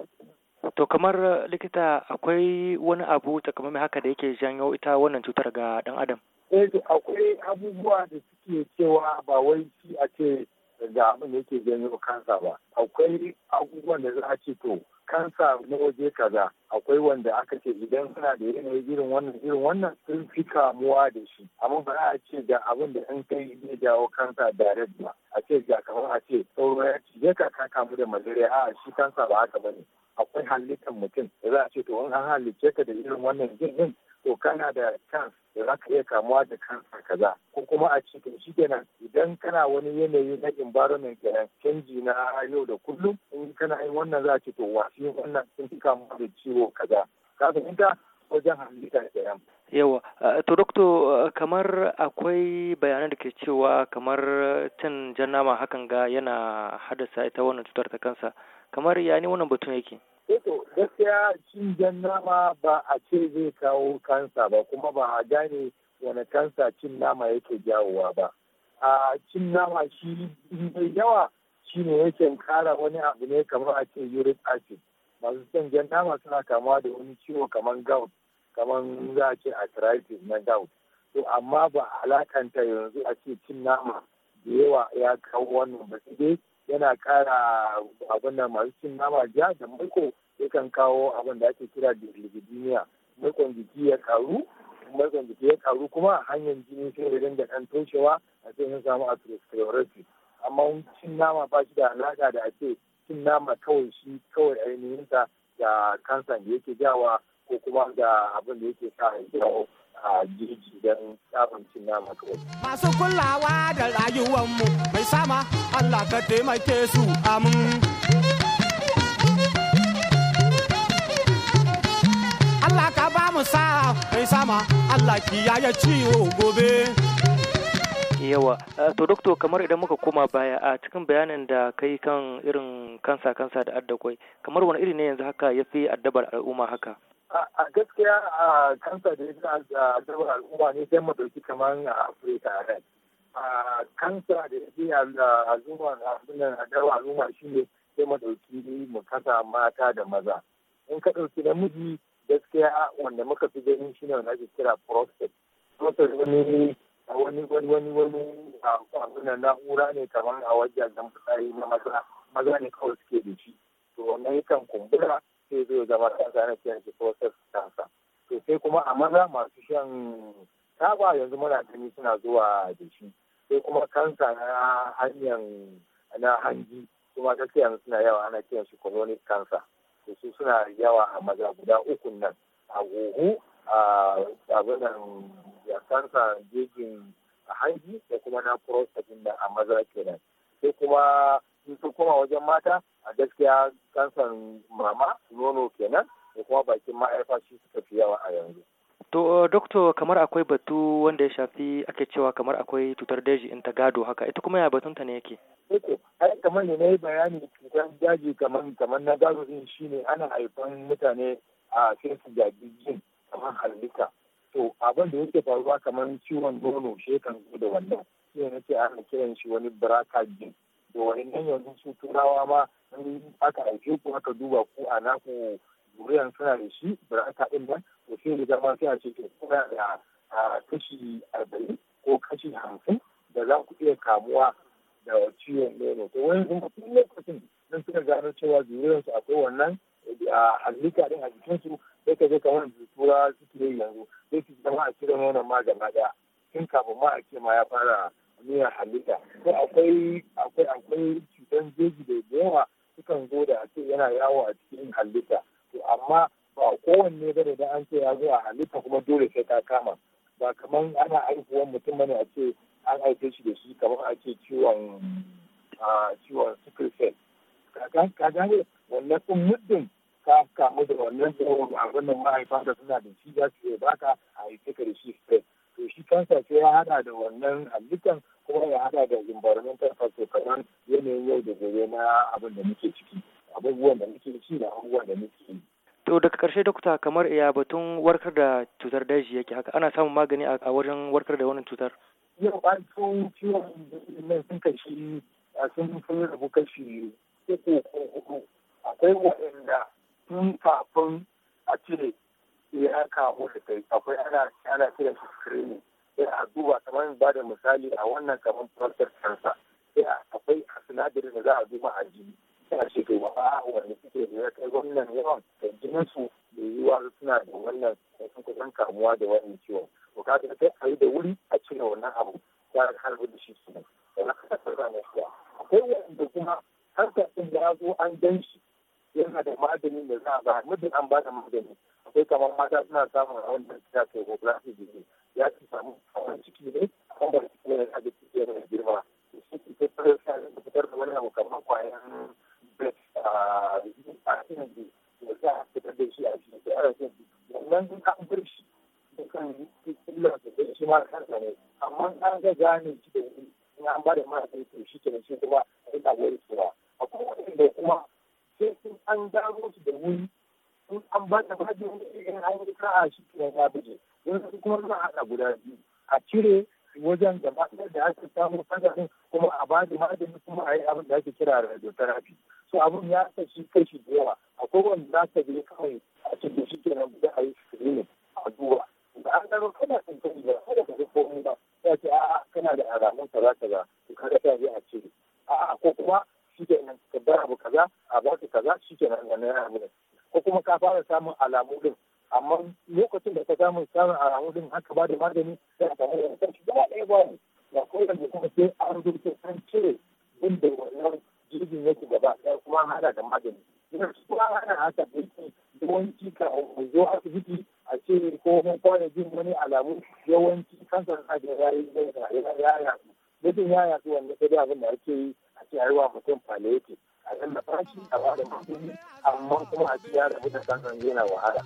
To kamar eh, likita akwai wani abu takamaimai haka da yake janyo ita wannan cutar ga ɗan adam? Eh akwai abubuwa da suke cewa ba wai shi a ce ga abin da yake janyo kansa ba akwai abubuwan da za a ce to kansa na waje kaza akwai wanda aka ce idan suna da yanayi irin wannan irin wannan sun fi kamuwa da shi amma ba za a ce ga abin da in kai zai jawo kansa direct ba a ce ga kamar a ce sauro ya cije ya ka kamu da malaria a shi kansa ba haka ba ne akwai halittar mutum da za a ce to in an halicce ka da irin wannan jin din to kana da chance da za ka iya kamuwa da kansa kaza ko kuma a cikin to shi kenan idan kana wani yanayi na environment kenan canji na yau da kullum in kana yin wannan za ce to yin wannan sun fi kamuwa da ciwo kaza ka fahimta wajen halitta kenan yawa eh, to doktor eh, kamar akwai bayanan da ke cewa kamar cin jan nama hakan ga yana haddasa ita wannan cutar ta kansa kamar ya ne wannan batun yake Eto eh gaskiya cin jan nama ba a ce zai kawo kansa ba kuma ba a gane wani kansa cin nama yake jawowa ba. A cin nama shi mai yawa shi ne yake kara wani abu ne kamar a ce uric acid. Masu cin jan nama suna kamuwa da wani ciwo kamar gout kamar za a ce arthritis na gout. To amma ba alakanta yanzu a ce cin nama da yawa ya kawo wannan ba sai yana kara abin da masu cin nama ja da maiko yakan kawo abin da ake kira da lipidemia maikon jiki ya karu maikon jiki ya karu kuma hanyar jini sai ya dinga kan toshewa a sai sun samu atherosclerosis amma cin nama ba shi da alaƙa da ake cin nama kawai shi kawai ainihinsa da kansa da yake jawa ko kuma da abin da yake sa ya jawo a jirgin don samun cin nama kawai. Masu kulawa da rayuwanmu mai sama Allah ka taimake su amin. Allah ka ba mu sa mai sama Allah kiyaye ciwo gobe. yawa eh, to doktor kamar idan muka koma baya a cikin bayanin da kai kan irin kansa kansa da addakwai kamar wani iri ne yanzu haka ya fi addabar al'umma haka a gaskiya a kansa da ya a al'umma ne sai mu kamar a afirka a kansa da ya a zuwan a dabar al'umma shi ne sai mu dauki mu kasa mata da maza in ka ɗauki namiji gaskiya wanda muka fi ganin shi ne wanda ake kira prostate prostate wani wani wani wani wani abinan na'ura ne kamar a wajen da mutane na maza ne kawai suke da shi to yi yakan kumbura sai zai zama kansa ana kiran shi prostate kansa. to sai kuma a maza masu shan taba yanzu muna gani suna zuwa da shi sai kuma kansa na hanyar na hanji kuma gaskiya yanzu suna yawa ana kiran shi colonic cancer to su suna yawa a maza guda uku nan a huhu a abinan ya kansa jejin hanji da kuma na prostate da a maza kenan sai kuma in sun koma wajen mata a gaskiya kansan mama nono kenan da kuma bakin ma'aifa shi suka fi yawa a yanzu. To, eh, doktor kamar akwai batu wanda ya shafi ake cewa kamar akwai cutar daji in ta gado haka, ita kuma ya batunta ne yake? Eko, ai kamar ne na yi bayani cutar daji kamar kamar na gado din shi ne ana haifan mutane a sai su gaji jin kamar halitta. To, abin da yake faruwa kamar ciwon nono shi kan zo da wannan. Sai na ce ana kiran shi wani braka jin. da wa'annan yanzu su turawa ma aka aike ku aka duba ko a naku zuriyan suna da shi birata ɗin nan to sai da zama sai a ce kuna da kashi arba'in ko kashi hamsin da za ku iya kamuwa da ciwon nono to wani kuma tun lokacin nan suka gano cewa su akwai wannan halitta ɗin a su sai ka je kamar tura suke yi yanzu sai su zama a cire nonon ma gaba ɗaya tun kafin ma a ce ma ya fara nuna halitta ko akwai sai akwai cutan jeji da yawa sukan zo da ce yana yawo a cikin halitta to amma ba kowanne ba da an ce ya zo a halitta kuma dole sai ka kama ba kamar ana aikuwan mutum bane a ce an aike shi da shi kamar a ce ciwon ciwon sickle ka gane wannan kun muddin ka kamu da wannan ciwon abin mahaifa da suna da shi za su baka a yi ka da shi to shi kansa sai ya hada da wannan halittan kuma ya hada da environmental factor kamar yanayin yau da gobe na abin da muke ciki abubuwan da muke ci da abubuwan da muke yi. To daga ƙarshe dokta kamar iya batun warkar da cutar daji yake haka ana samun magani a wajen warkar da wannan cutar. Yau an so ciwon da sun kashi sun sun rabu kashi uku ko hudu akwai waɗanda tun kafin a cire ya kawo da kai akwai ana ana cire su screening sai a duba kamar ba da misali a wannan kamar farkar kansa sai akwai sinadarin da za a duba a jini sai a ce to ba wanda suke da ya kai wannan yawan da jinin su da yiwuwa suna da wannan sun kusan kamuwa da wannan ciwon to ka ga yi da wuri a cire wannan abu ya harbi da shi su akwai wanda kuma harkar da ya zo an gan shi yana da da za a ba muddin an ba da magani akwai kamar mata suna samun a wannan cuta ke ko ya ci samu ciwon ciki ne kuma ba ciki ne da ciki mai girma shi ke fitar da wani abu kamar kwayan bet a cikin da za a fitar da shi a cikin da ana cin wannan an bar shi da kan illar da shi ma kansa ne amma an ga gane shi da wuri in an ba da mara kai shi ke shi kuma sai wanda kuma sai sun an gano su da wuri an ba da mara kai in an yi sa'a shi ke ya buje kuma suna haɗa guda biyu a cire wajen gaba da ake samu sanarin kuma a ba da magani kuma a yi abin da ake kira radiotherapy so abin ya kashi kashi da yawa a kowane za ka je kawai a cikin shi ke nan da a yi screening a duba da an gano kana kan kai da kada ka ga komai ba ya ce a'a kana da alamun kaza kaza to kada ka je a cire a'a ko kuma shi nan ka bar abu kaza a ba ka kaza shi na wannan abu ko kuma ka fara samun alamun din amma lokacin da ka samu samun a wurin haka ba da magani da ka samu da kan shi gaba ɗaya ne da da kuma sai an rubuta an cire inda wannan jirgin yake gaba ɗaya kuma an hada da magani ina kuma ana haka da yake yawanci ka zo asibiti a ce ko mun kwana jin wani alamu yawanci kansar na da yayi da ya yaya mutum ya yaɗu wanda sai abin da ake yi a ce wa mutum fale yake tallafa a kuɗi amma kuma a da yana wahala.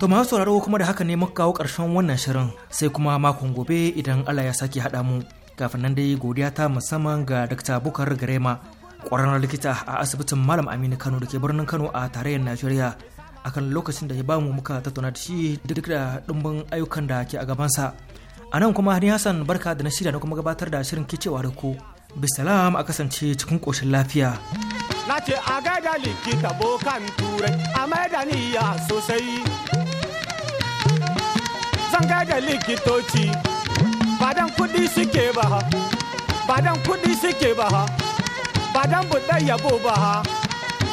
To masu sauraro kuma da haka ne muka kawo ƙarshen wannan shirin sai kuma makon gobe idan Allah ya sake haɗa mu. Kafin nan dai godiya ta musamman ga Dr. Bukar Garema, ƙwararren likita a asibitin Malam Aminu Kano da ke birnin Kano a tarayyar Najeriya. Akan lokacin da ya bamu muka tattauna da shi duk da ɗumbin ayyukan da ke a gabansa. A nan kuma ni Hassan barka da na shirya na kuma gabatar da shirin kicewa da ku. bisalam a kasance cikin ƙoshin lafiya na ce a gaida likita bokan turai a maidaniya sosai zan gaida likitoci badan kudi suke ba ha badan kudi suke ba ha badan buɗe yabo ba ha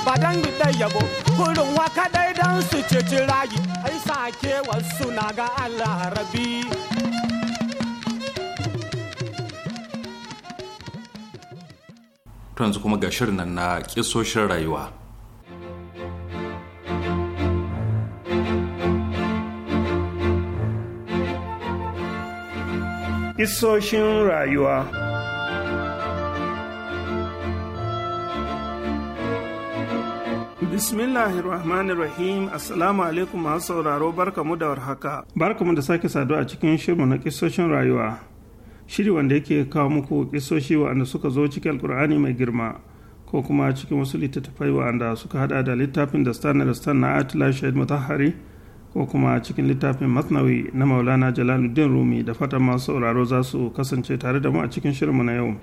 badan buɗe yabo kurin waka dai dan su ceci rayu ai sake wasu na ga Allah rabi. yanzu kuma ga shirin nan na kisoshin rayuwa Kisoshin rayuwa rahim Assalamu alaikum masu sauraro barkamu da warhaka barkamu da sake saduwa a cikin shirin na kisoshin rayuwa shiri wanda yake kawo muku kisoshi wa'anda suka zo cikin alkur'ani mai girma ko kuma cikin wasu littattafai wanda suka hada da littafin da na stan na atila shahid mutahari ko kuma cikin littafin masnawi na maulana jalaluddin rumi da fatan masu sauraro za su kasance tare da mu a cikin shirinmu na yau.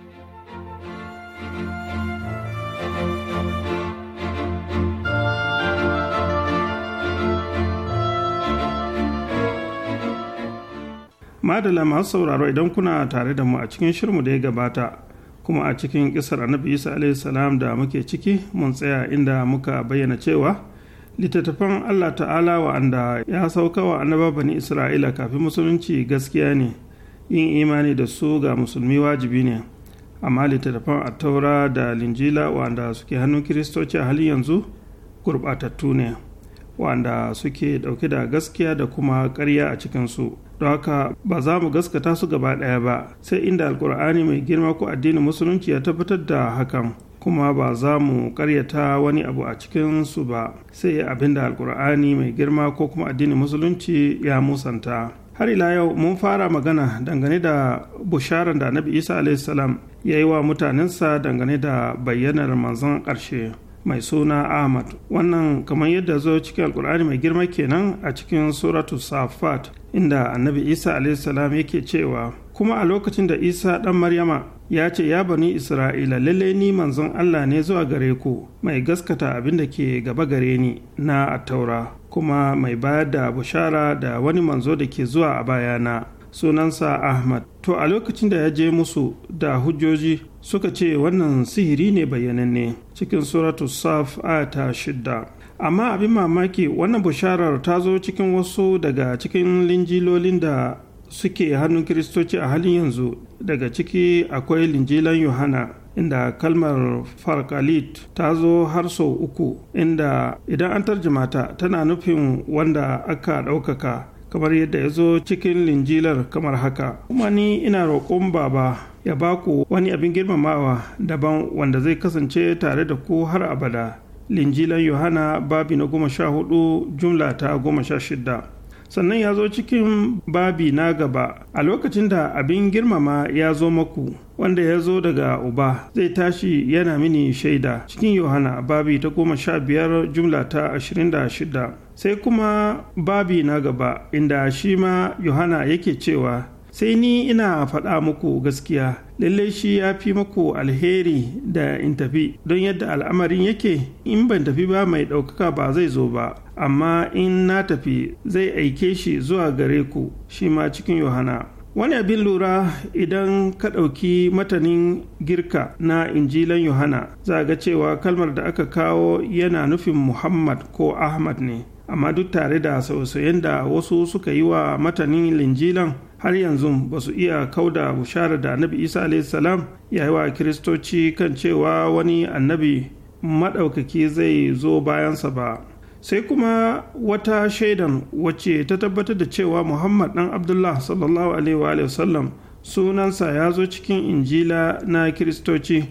madala masu sauraro idan kuna tare da mu a cikin shirmu da ya gabata kuma a cikin kisar annabi isa salam da muke ciki mun tsaya inda muka bayyana cewa littattafan allah ta'ala wa'anda ya sauka wa annaba bani isra'ila kafin musulunci gaskiya ne yin imani da su ga musulmi wajibi ne amma littattafan attaura da linjila wa'anda suke hannun kiristoci a halin yanzu gurɓatattu ne wanda suke dauke da gaskiya da kuma karya a cikinsu don haka ba za mu gaskata su gaba ɗaya ba sai inda alkur'ani mai girma ko addinin musulunci ya tabbatar da hakan kuma ba za mu karyata wani abu a cikinsu ba sai abin da alkur'ani mai girma ko kuma addinin musulunci ya musanta har ila yau mun fara magana dangane da bisharar da annabi isa salam ya yi wa mutanensa dangane da bayyanar manzon ƙarshe mai suna ahmad wannan kamar yadda zo cikin alkur'ani mai girma kenan a cikin suratu safat inda annabi isa alaihissalam yake cewa kuma a lokacin da isa dan maryama ya ce ya bani isra'ila lalle ni manzon allah ne zuwa gare ku mai gaskata abin da ke gaba gare ni na a taura kuma mai bayar da bushara da wani manzo da ke zuwa a bayana sunansa ahmad to a lokacin da ya je musu da hujjoji suka ce wannan sihiri ne bayyananne cikin suratu saf ta shidda amma abin mamaki wannan bisharar ta zo cikin wasu daga cikin linjilolin da suke hannun kiristoci a halin yanzu daga ciki akwai linjilan yohana inda kalmar farkalit ta zo har sau uku inda idan an tarjima ta tana nufin wanda aka ɗaukaka kamar yadda ya zo cikin linjilar kamar haka kuma ni ina roƙon baba ya baku wani abin girmamawa daban wanda zai kasance tare da ku har abada linjilan yohana babi na goma sha hudu jumla ta goma sha shida sannan ya zo cikin babi na gaba a lokacin da abin girmama ya zo maku wanda ya zo daga uba zai tashi yana mini shaida cikin yohana babi ta goma sha biyar jumla ta ashirin da shida sai kuma babi na gaba inda shi ma yohana yake cewa sai ni ina faɗa muku gaskiya lalle shi ya fi muku alheri da in tafi don yadda al'amarin yake in ban tafi ba mai ɗaukaka ba zai zo ba amma in na tafi zai aike shi zuwa gare ku shi ma cikin yohana wani abin lura idan ka ɗauki matanin girka na injilan yohana za ga cewa kalmar da aka kawo yana nufin muhammad ko ahmad ne amma duk tare da sausayen da wasu suka yi wa matanin linjilan har yanzu ba su iya kauda bushara da annabi isa salam ya yi wa kiristoci kan cewa wani annabi maɗaukaki zai zo bayansa ba sai kuma wata shaidan wacce ta tabbatar da cewa muhammad ɗan abdullah sallallahu alaihi wasallam sunansa ya zo cikin injila na kiristoci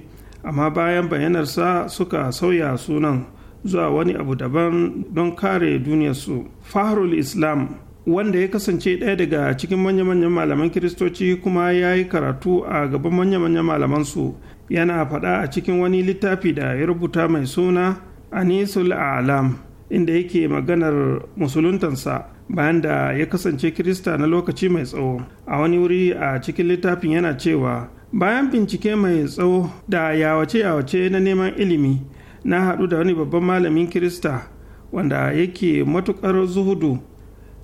amma bayan bayyanarsa suka sauya sunan zuwa wani abu daban don kare duniyarsu fahrul islam wanda ya kasance ɗaya daga cikin manya-manyan malaman kiristoci kuma ya yi karatu a gaban manya-manyan malamansu yana faɗa a cikin wani littafi da ya rubuta mai suna anisul alam inda yake maganar musuluntansa bayan da ya kasance kirista na lokaci mai tsawo a wani wuri a cikin littafin yana cewa bayan bincike mai tsawo da yawace-yawace na neman ilimi na haɗu da wani babban malamin kirista wanda yake matuƙar zuhudu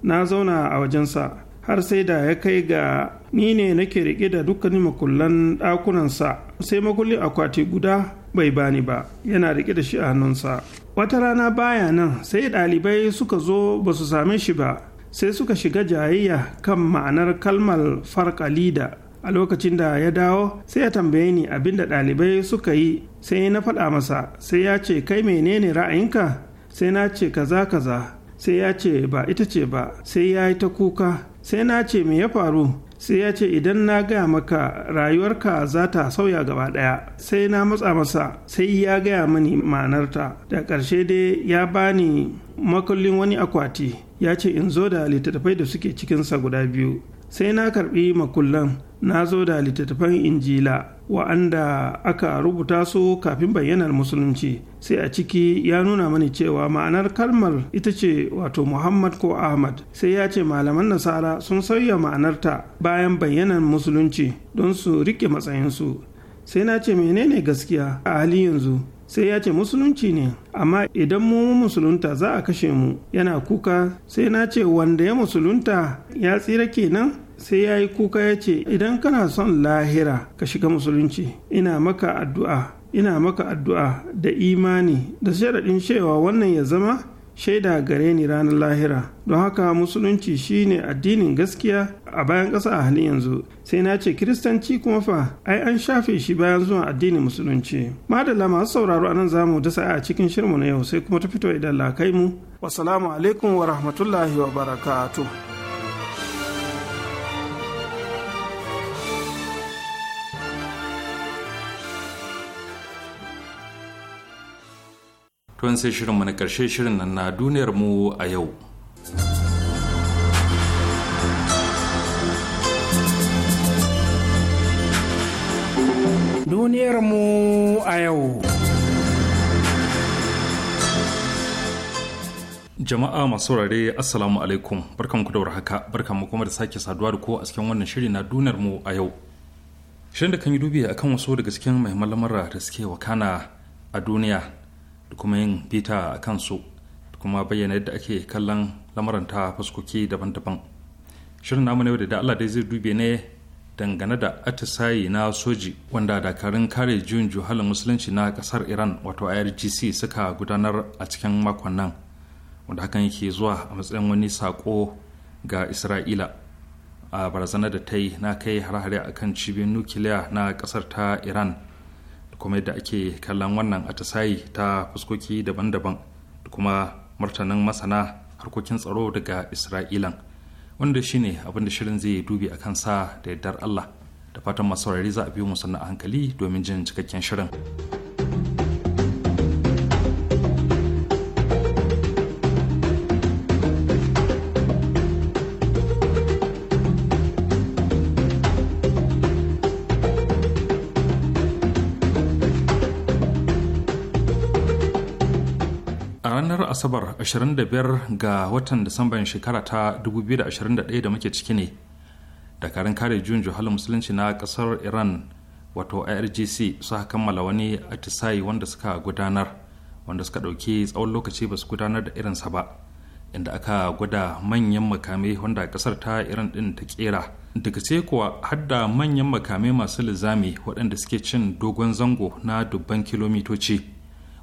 na zauna a wajensa har sai da ya kai ga ni ne nake riƙe da dukkanin makullan ɗakunansa sai makullin akwati guda bai bani ba yana riƙe da shi a hannunsa wata rana baya nan sai ɗalibai suka zo ba su same shi ba sai suka shiga jayayya kan ma'anar kalmar farkalida a lokacin da ya dawo sai ya tambaye ni abin da ɗalibai suka yi sai na faɗa masa sai ya ce kai menene ra'ayinka sai na ce kaza kaza sai ya ce ba ita ce ba sai ya yi ta kuka sai na ce me ya faru sai ya ce idan na gaya maka rayuwarka za ta sauya gaba ɗaya sai na matsa masa sai ya gaya mani ma'anarta da ƙarshe dai ya bani makullin wani akwati ya ce in zo da littattafai da suke cikinsa guda biyu sai na karɓi makullan na zo da littattafan injila wa'anda aka rubuta su kafin bayyanar musulunci sai a ciki ya nuna mani cewa ma'anar kalmar ita ce wato muhammad ko ahmad sai ya ce malaman nasara sun sauya ma'anarta bayan bayyanar musulunci don su rike matsayinsu sai na ce menene gaskiya a hali yanzu sai ya ce musulunci ne amma idan mu musulunta za a kashe mu yana kuka sai na ce wanda ya musulunta ya tsira kenan sai ya yi kuka ya ce idan kana son lahira ka shiga musulunci ina maka addu'a ina maka addu'a da imani da sharaɗin cewa wannan ya zama shaida gare ni ranar lahira don haka musulunci shine addinin gaskiya a bayan ƙasa a halin yanzu sai na ce kiristanci kuma fa ai an shafe shi bayan zuwa addinin musulunci madalla masu sauraro anan zamu dasa a cikin shirmu na yau sai kuma ta fito idan kai mu wasalamu alaikum wa rahmatullahi wa barakatuh tun sai shirinmu na ƙarshe shirin nan na duniyar mu a yau duniyar mu a yau jama'a masu rare assalamu alaikum barkan ku da warhaka barkan mu kuma da sake saduwa da ku a cikin wannan shiri na duniyar mu a yau shirin da kan yi dubi akan wasu daga cikin muhimman lamura da suke wakana a duniya kuma yin bita a kansu kuma bayyana yadda ake kallon lamuran ta fuskoki daban-daban shirin namu ne da Allah dai zai dube ne dangane da atisayi na soji wanda dakarun kare juyin juhalin musulunci na kasar iran wato irgc suka gudanar a cikin makon nan wanda hakan yake zuwa a matsayin wani sako ga isra'ila a barazanar da ta yi na kai har-hare akan cibiyar nukiliya na kasar ta iran kuma yadda ake kallon wannan atisayi ta fuskoki daban-daban da kuma martanin masana harkokin tsaro daga isra'ilan wanda shine abin da shirin zai dubi a kansa da yardar allah da fatan masu za a biyu mu a hankali domin jin cikakken shirin. asabar 25 ga watan disamban shekara ta 2021 da muke ciki ne dakarun kare juyin juhalin musulunci na kasar iran wato irgc suka kammala wani atisayi wanda suka gudanar wanda suka ɗauki tsawon lokaci ba su gudanar da irinsa ba inda aka gwada manyan makamai wanda kasar ta iran ɗin ta kera daga ce kuwa hadda manyan makamai masu lizami waɗanda suke cin dogon zango na dubban kilomitoci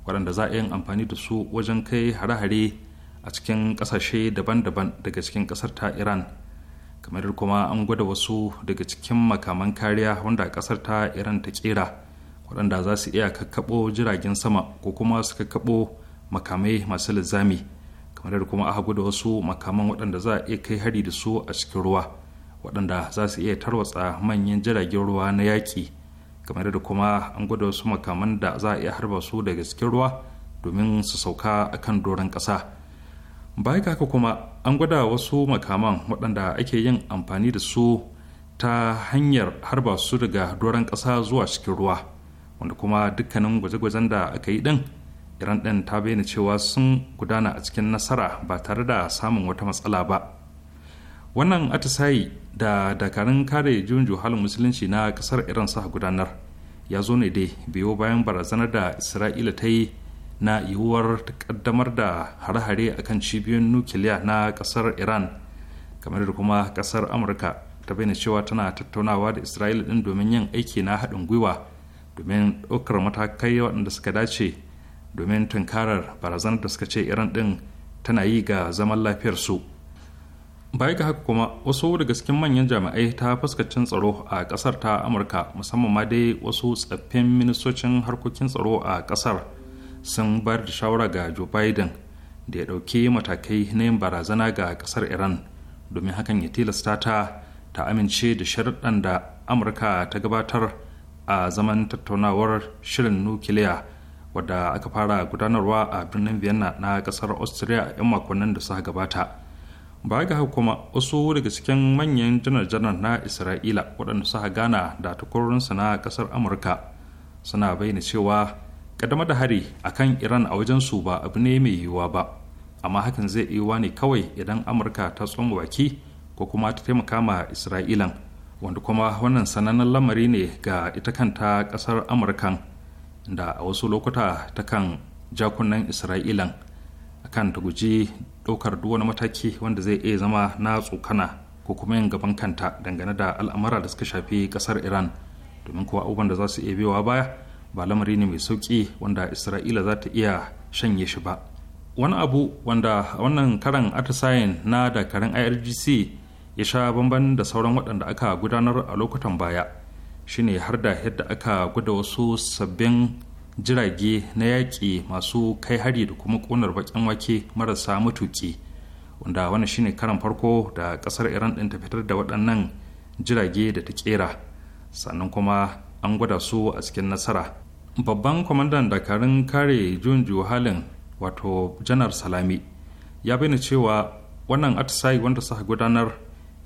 waɗanda za a yin amfani da su wajen kai hare-hare a cikin ƙasashe daban-daban daga cikin ƙasar ta iran kamar kuma an gwada wasu daga cikin makaman kariya wanda ƙasar ta iran ta ƙera waɗanda za su iya kakkaɓo jiragen sama ko kuma su kakkaɓo makamai masu lizami kamar da kuma aka gwada wasu makaman waɗanda za a iya kai hari da su a cikin ruwa waɗanda za su iya tarwatsa manyan jiragen ruwa na yaƙi kamar da kuma an gwada wasu makaman da za a iya harba su daga cikin ruwa domin su sauka a kan doron ƙasa ba haka kuma an gwada wasu makaman waɗanda ake yin amfani da su ta hanyar harba su daga doron ƙasa zuwa cikin ruwa wanda kuma dukkanin gwaje-gwajen da aka yi ɗin iran ɗin ta bayyana cewa sun gudana a cikin nasara ba tare da samun wata matsala ba wannan atisayi da dakarun kare juyin halin musulunci na kasar iran sa gudanar ya zo ne dai biyo bayan barazanar da isra'ila ta yi na yiwuwar kaddamar da hare-hare a kan cibiyoyin nukiliya na kasar iran kamar da kuma kasar amurka ta bayyana cewa tana tattaunawa da isra'ila din domin yin aiki na haɗin gwiwa domin ɗaukar matakai waɗanda suka dace domin tunkarar barazanar da suka ce iran din tana yi ga zaman lafiyar su baya ga haka kuma wasu daga cikin manyan jami'ai ta fuskacin tsaro a kasar ta amurka musamman ma dai wasu tsaffin ministocin harkokin tsaro a kasar sun bayar da shawara ga joe biden da ya ɗauki matakai na yin barazana ga kasar iran domin hakan ya tilasta ta ta amince da sharuɗan da amurka ta gabatar a zaman tattaunawar shirin nukiliya wadda aka fara gudanarwa a birnin vienna na kasar austria a 'yan makonnin da suka gabata ba ga kuma wasu daga cikin manyan janar-janar na isra'ila waɗanda suka gana da su na ƙasar amurka suna bayyana cewa ƙaddamar da hari a kan iran a wajensu ba abu ne mai yiwuwa ba amma hakan zai iya ne kawai idan amurka ta tsoma baki ko kuma ta taimaka ma isra'ilan wanda kuma wannan sanannen lamari ne ga ita kanta ƙasar amurkan da a wasu lokuta ta kan jakunan isra'ilan kan ta guji ɗaukar duk wani mataki wanda zai iya zama na tsokana ko kuma yin gaban kanta dangane da al'amura da suka shafi ƙasar iran domin kuwa abubuwan da za su iya biyowa baya ba lamari ne mai sauƙi wanda isra'ila za ta iya shanye shi ba wani abu wanda wannan karan atisayen na dakarun irgc ya sha bamban da sauran waɗanda aka gudanar a lokutan baya shine har da yadda aka guda wasu sabbin jirage na yaƙi masu kai hari da kuma ƙunar baƙin wake marasa matuƙi wanda wani shine karan farko da ƙasar iran ɗin ta fitar da waɗannan jirage da ta ƙera sannan kuma an gwada su a cikin nasara babban kwamandan dakarun kare junju halin wato janar salami ya bayyana cewa wannan atisayi wanda suka gudanar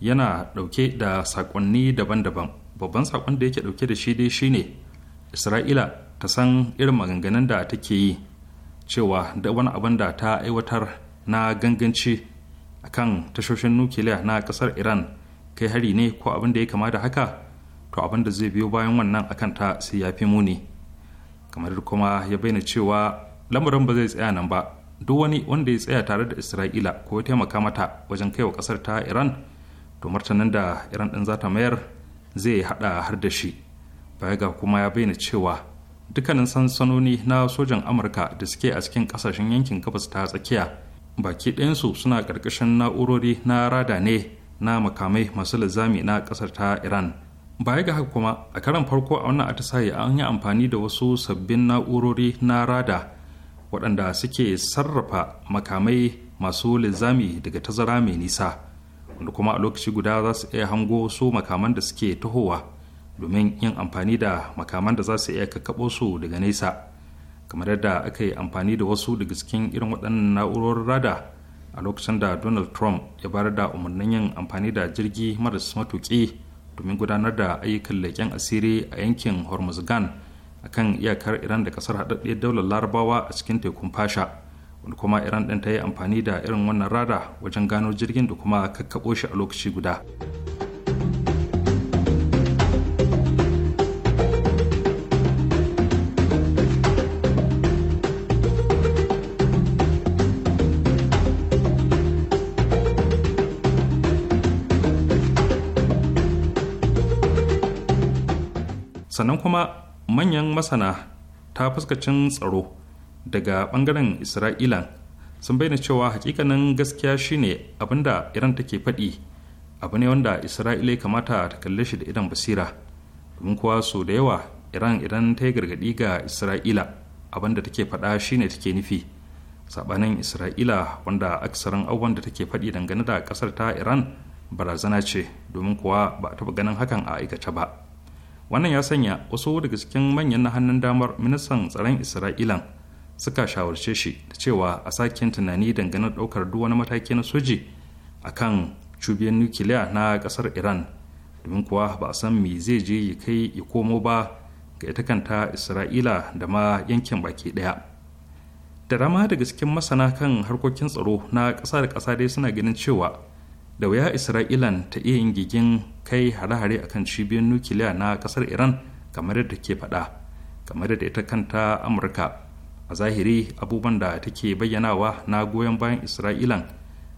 yana ɗauke da saƙonni daban-daban babban saƙon da yake ɗauke da shi dai shine isra'ila ta san irin maganganun da take yi cewa da wani abin da ta aiwatar na ganganci kan tashoshin nukiliya na kasar iran kai hari ne ko abin da ya kama da haka to abin da zai biyo bayan wannan akan ta sai ya fi muni kamar kuma ya bayyana cewa lamarin ba zai tsaya nan ba duk wani wanda ya tsaya tare da isra'ila ko ya taimaka mata wajen kaiwa kasar ta iran to martanin da iran din za ta mayar zai hada har da shi baya ga kuma ya bayyana cewa dukkanin sansanoni na sojan amurka da suke a cikin kasashen yankin gabas ta tsakiya baki ɗayansu suna ƙarƙashin na'urori na rada ne na makamai masu lizami na ƙasar ta iran baya ga haka kuma a karan farko a wannan atisaye an yi amfani da wasu sabbin na'urori na rada waɗanda suke sarrafa makamai masu lizami daga tazara mai nisa wanda kuma a lokaci guda za su iya hango su makaman da suke tahowa domin yin amfani da makaman da za su iya kakkaɓo su daga nesa kamar yadda aka yi amfani da wasu daga cikin irin waɗannan na'urorin rada a lokacin da donald trump ya bayar da umarnin yin amfani da jirgi maras matuƙi domin gudanar da ayyukan leƙen asiri a yankin hormuzgan a kan iyakar iran da kasar haɗaɗɗe daular larabawa a cikin tekun fasha wanda kuma iran ɗin ta yi amfani da irin wannan rada wajen gano jirgin da kuma kakkaɓo shi a lokaci guda. sannan kuma manyan masana ta fuskacin tsaro daga bangaren isra'ilan sun bayyana cewa hakikanin gaskiya shine abinda iran take faɗi abu ne wanda isra'ila kamata ta kalle shi da idan basira domin kuwa so da yawa iran idan ta yi gargaɗi ga isra'ila abinda take faɗa shine take nufi sabanin isra'ila wanda aksarin abubuwan da take faɗi dangane da ƙasar ta iran barazana ce domin kuwa ba a taɓa ganin hakan a aikace ba wannan ya sanya wasu daga cikin manyan na hannun damar ministan tsaron isra'ilan suka shawarce shi da cewa a sakin tunani dangane daukar duk wani mataki na soji a kan cubiyar nukiliya na kasar iran domin kuwa ba a san me zai je ya kai ya komo ba ga ita kanta isra'ila da ma yankin baki ɗaya da dama daga cikin masana kan harkokin tsaro na ƙasa da ƙasa dai suna ganin cewa da wuya isra'ilan ta iya yin gigin kai hare-hare akan cibiyar nukiliya na kasar iran kamar yadda ke faɗa kamar yadda ita kanta amurka a zahiri abubuwan da take bayyanawa na goyon bayan isra'ilan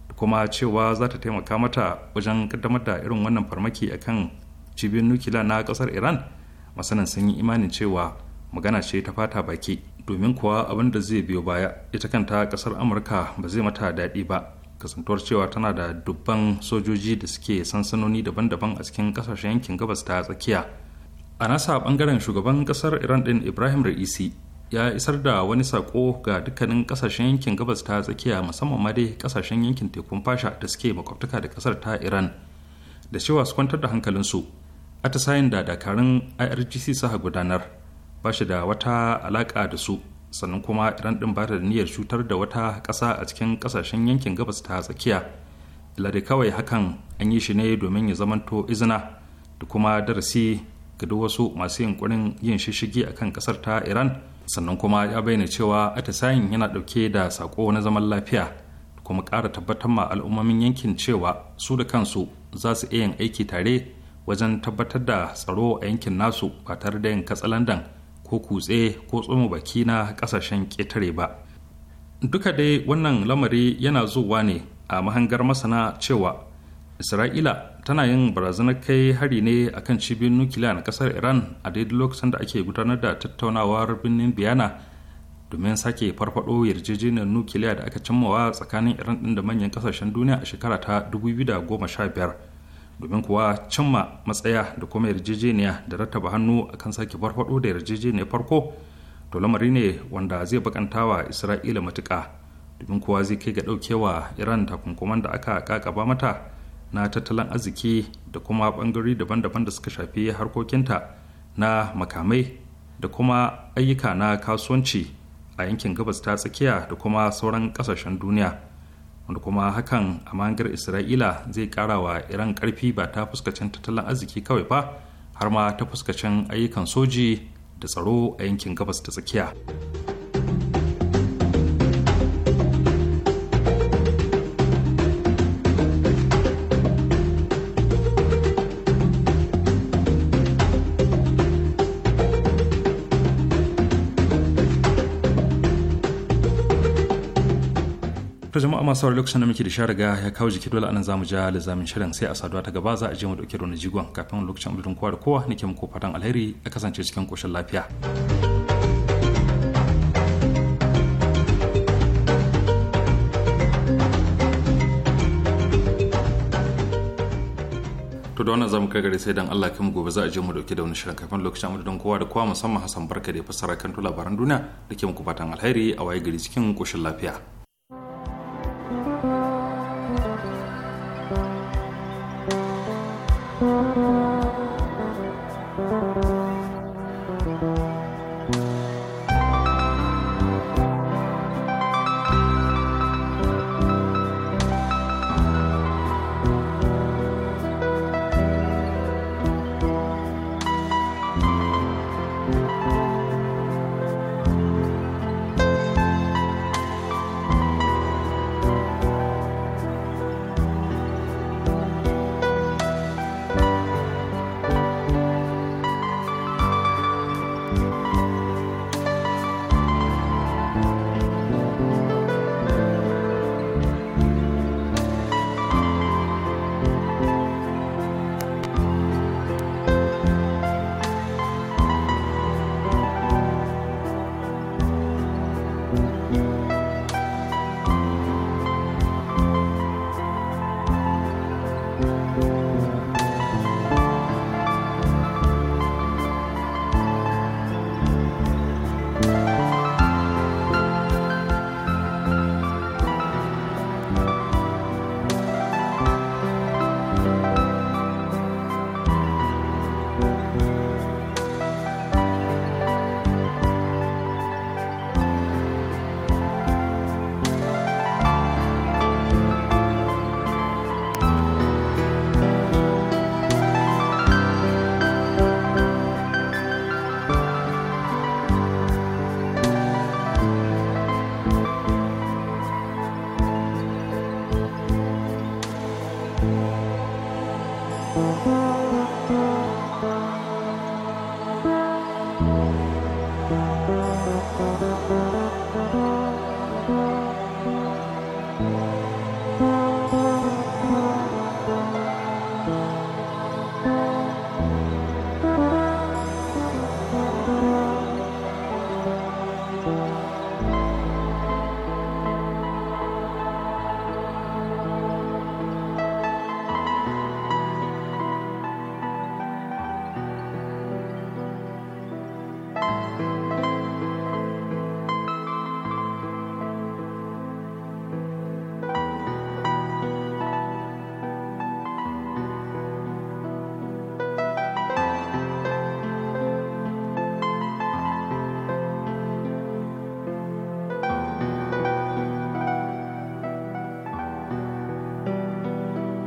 da kuma cewa za ta taimaka mata wajen kaddamar da irin wannan farmaki akan cibiyar nukiliya na kasar iran masanan sun yi imanin cewa magana ce ta fata baki domin kuwa abin da zai biyo baya ita kanta kasar amurka ba zai mata daɗi ba kasantuwar cewa tana da dubban sojoji da suke sansanoni daban-daban a cikin kasashen yankin gabas ta tsakiya a nasa bangaren shugaban kasar iran din ibrahim ra'isi ya isar da wani sako ga dukkanin kasashen yankin gabas ta tsakiya musamman ma dai kasashen yankin tekun fasha da suke makwabtaka da kasar ta iran da cewa su kwantar da hankalinsu atisayen da dakarun irgc suka gudanar ba shi da wata alaka da su sannan kuma iran din ba da niyyar cutar da wata ƙasa a cikin ƙasashen yankin gabas ta tsakiya ilari kawai hakan an yi shi ne domin ya zamanto izina da kuma darasi ga duk wasu masu yunkurin yin shishigi a kan ƙasar ta iran sannan kuma ya bayyana cewa atisayin yana ɗauke da sako na zaman lafiya da kuma ƙara tabbatar ma al'ummomin yankin cewa su da kansu za su iya yin aiki tare wajen tabbatar da tsaro a yankin nasu ba tare da yin katsalandan ko kutse ko tsoma baki na kasashen ƙetare ba duka dai wannan lamari yana zuwa ne a mahangar masana cewa isra'ila tana yin barazanar kai hari ne akan cibiyar nukiliya na kasar iran a daidai lokacin da ake gudanar da tattaunawar birnin biyana domin sake farfado yarjejeniyar nukiliya da aka cimmawa tsakanin iran ɗin da manyan kasashen duniya a shekara ta 2015 domin kuwa cimma matsaya da kuma yarjejeniya da rattaba hannu a kan sake farfado da yarjejeniya farko to lamari ne wanda zai bakanta wa isra'ila matuka domin kuwa zai kai ga ɗaukewa iran takunkuman da aka kakaba mata na tattalin arziki da kuma ɓangare daban-daban da suka shafi harkokinta na makamai da kuma ayyuka na kasuwanci a yankin gabas ta tsakiya da kuma sauran ƙasashen duniya. wanda kuma hakan a mahangar isra'ila zai kara wa iran karfi ba ta fuskacin tattalin arziki kawai ba har ma ta fuskacin ayyukan soji da tsaro a yankin gabas ta tsakiya. masu wani lokacin da muke da shariga ya kawo jiki dole anan zamu ja lizamin shirin sai a saduwa ta gaba za a je mu dauke da wani jigon kafin lokacin abudin kowa da kowa nake muku fatan alheri a kasance cikin koshin lafiya. to da wannan zamu gari sai dan Allah mu gobe za a je mu dauke da wani shirin kafin lokacin don kowa da kowa musamman Hassan Barka da fassara kan labaran duniya da muku fatan alheri a waye gari cikin koshin lafiya.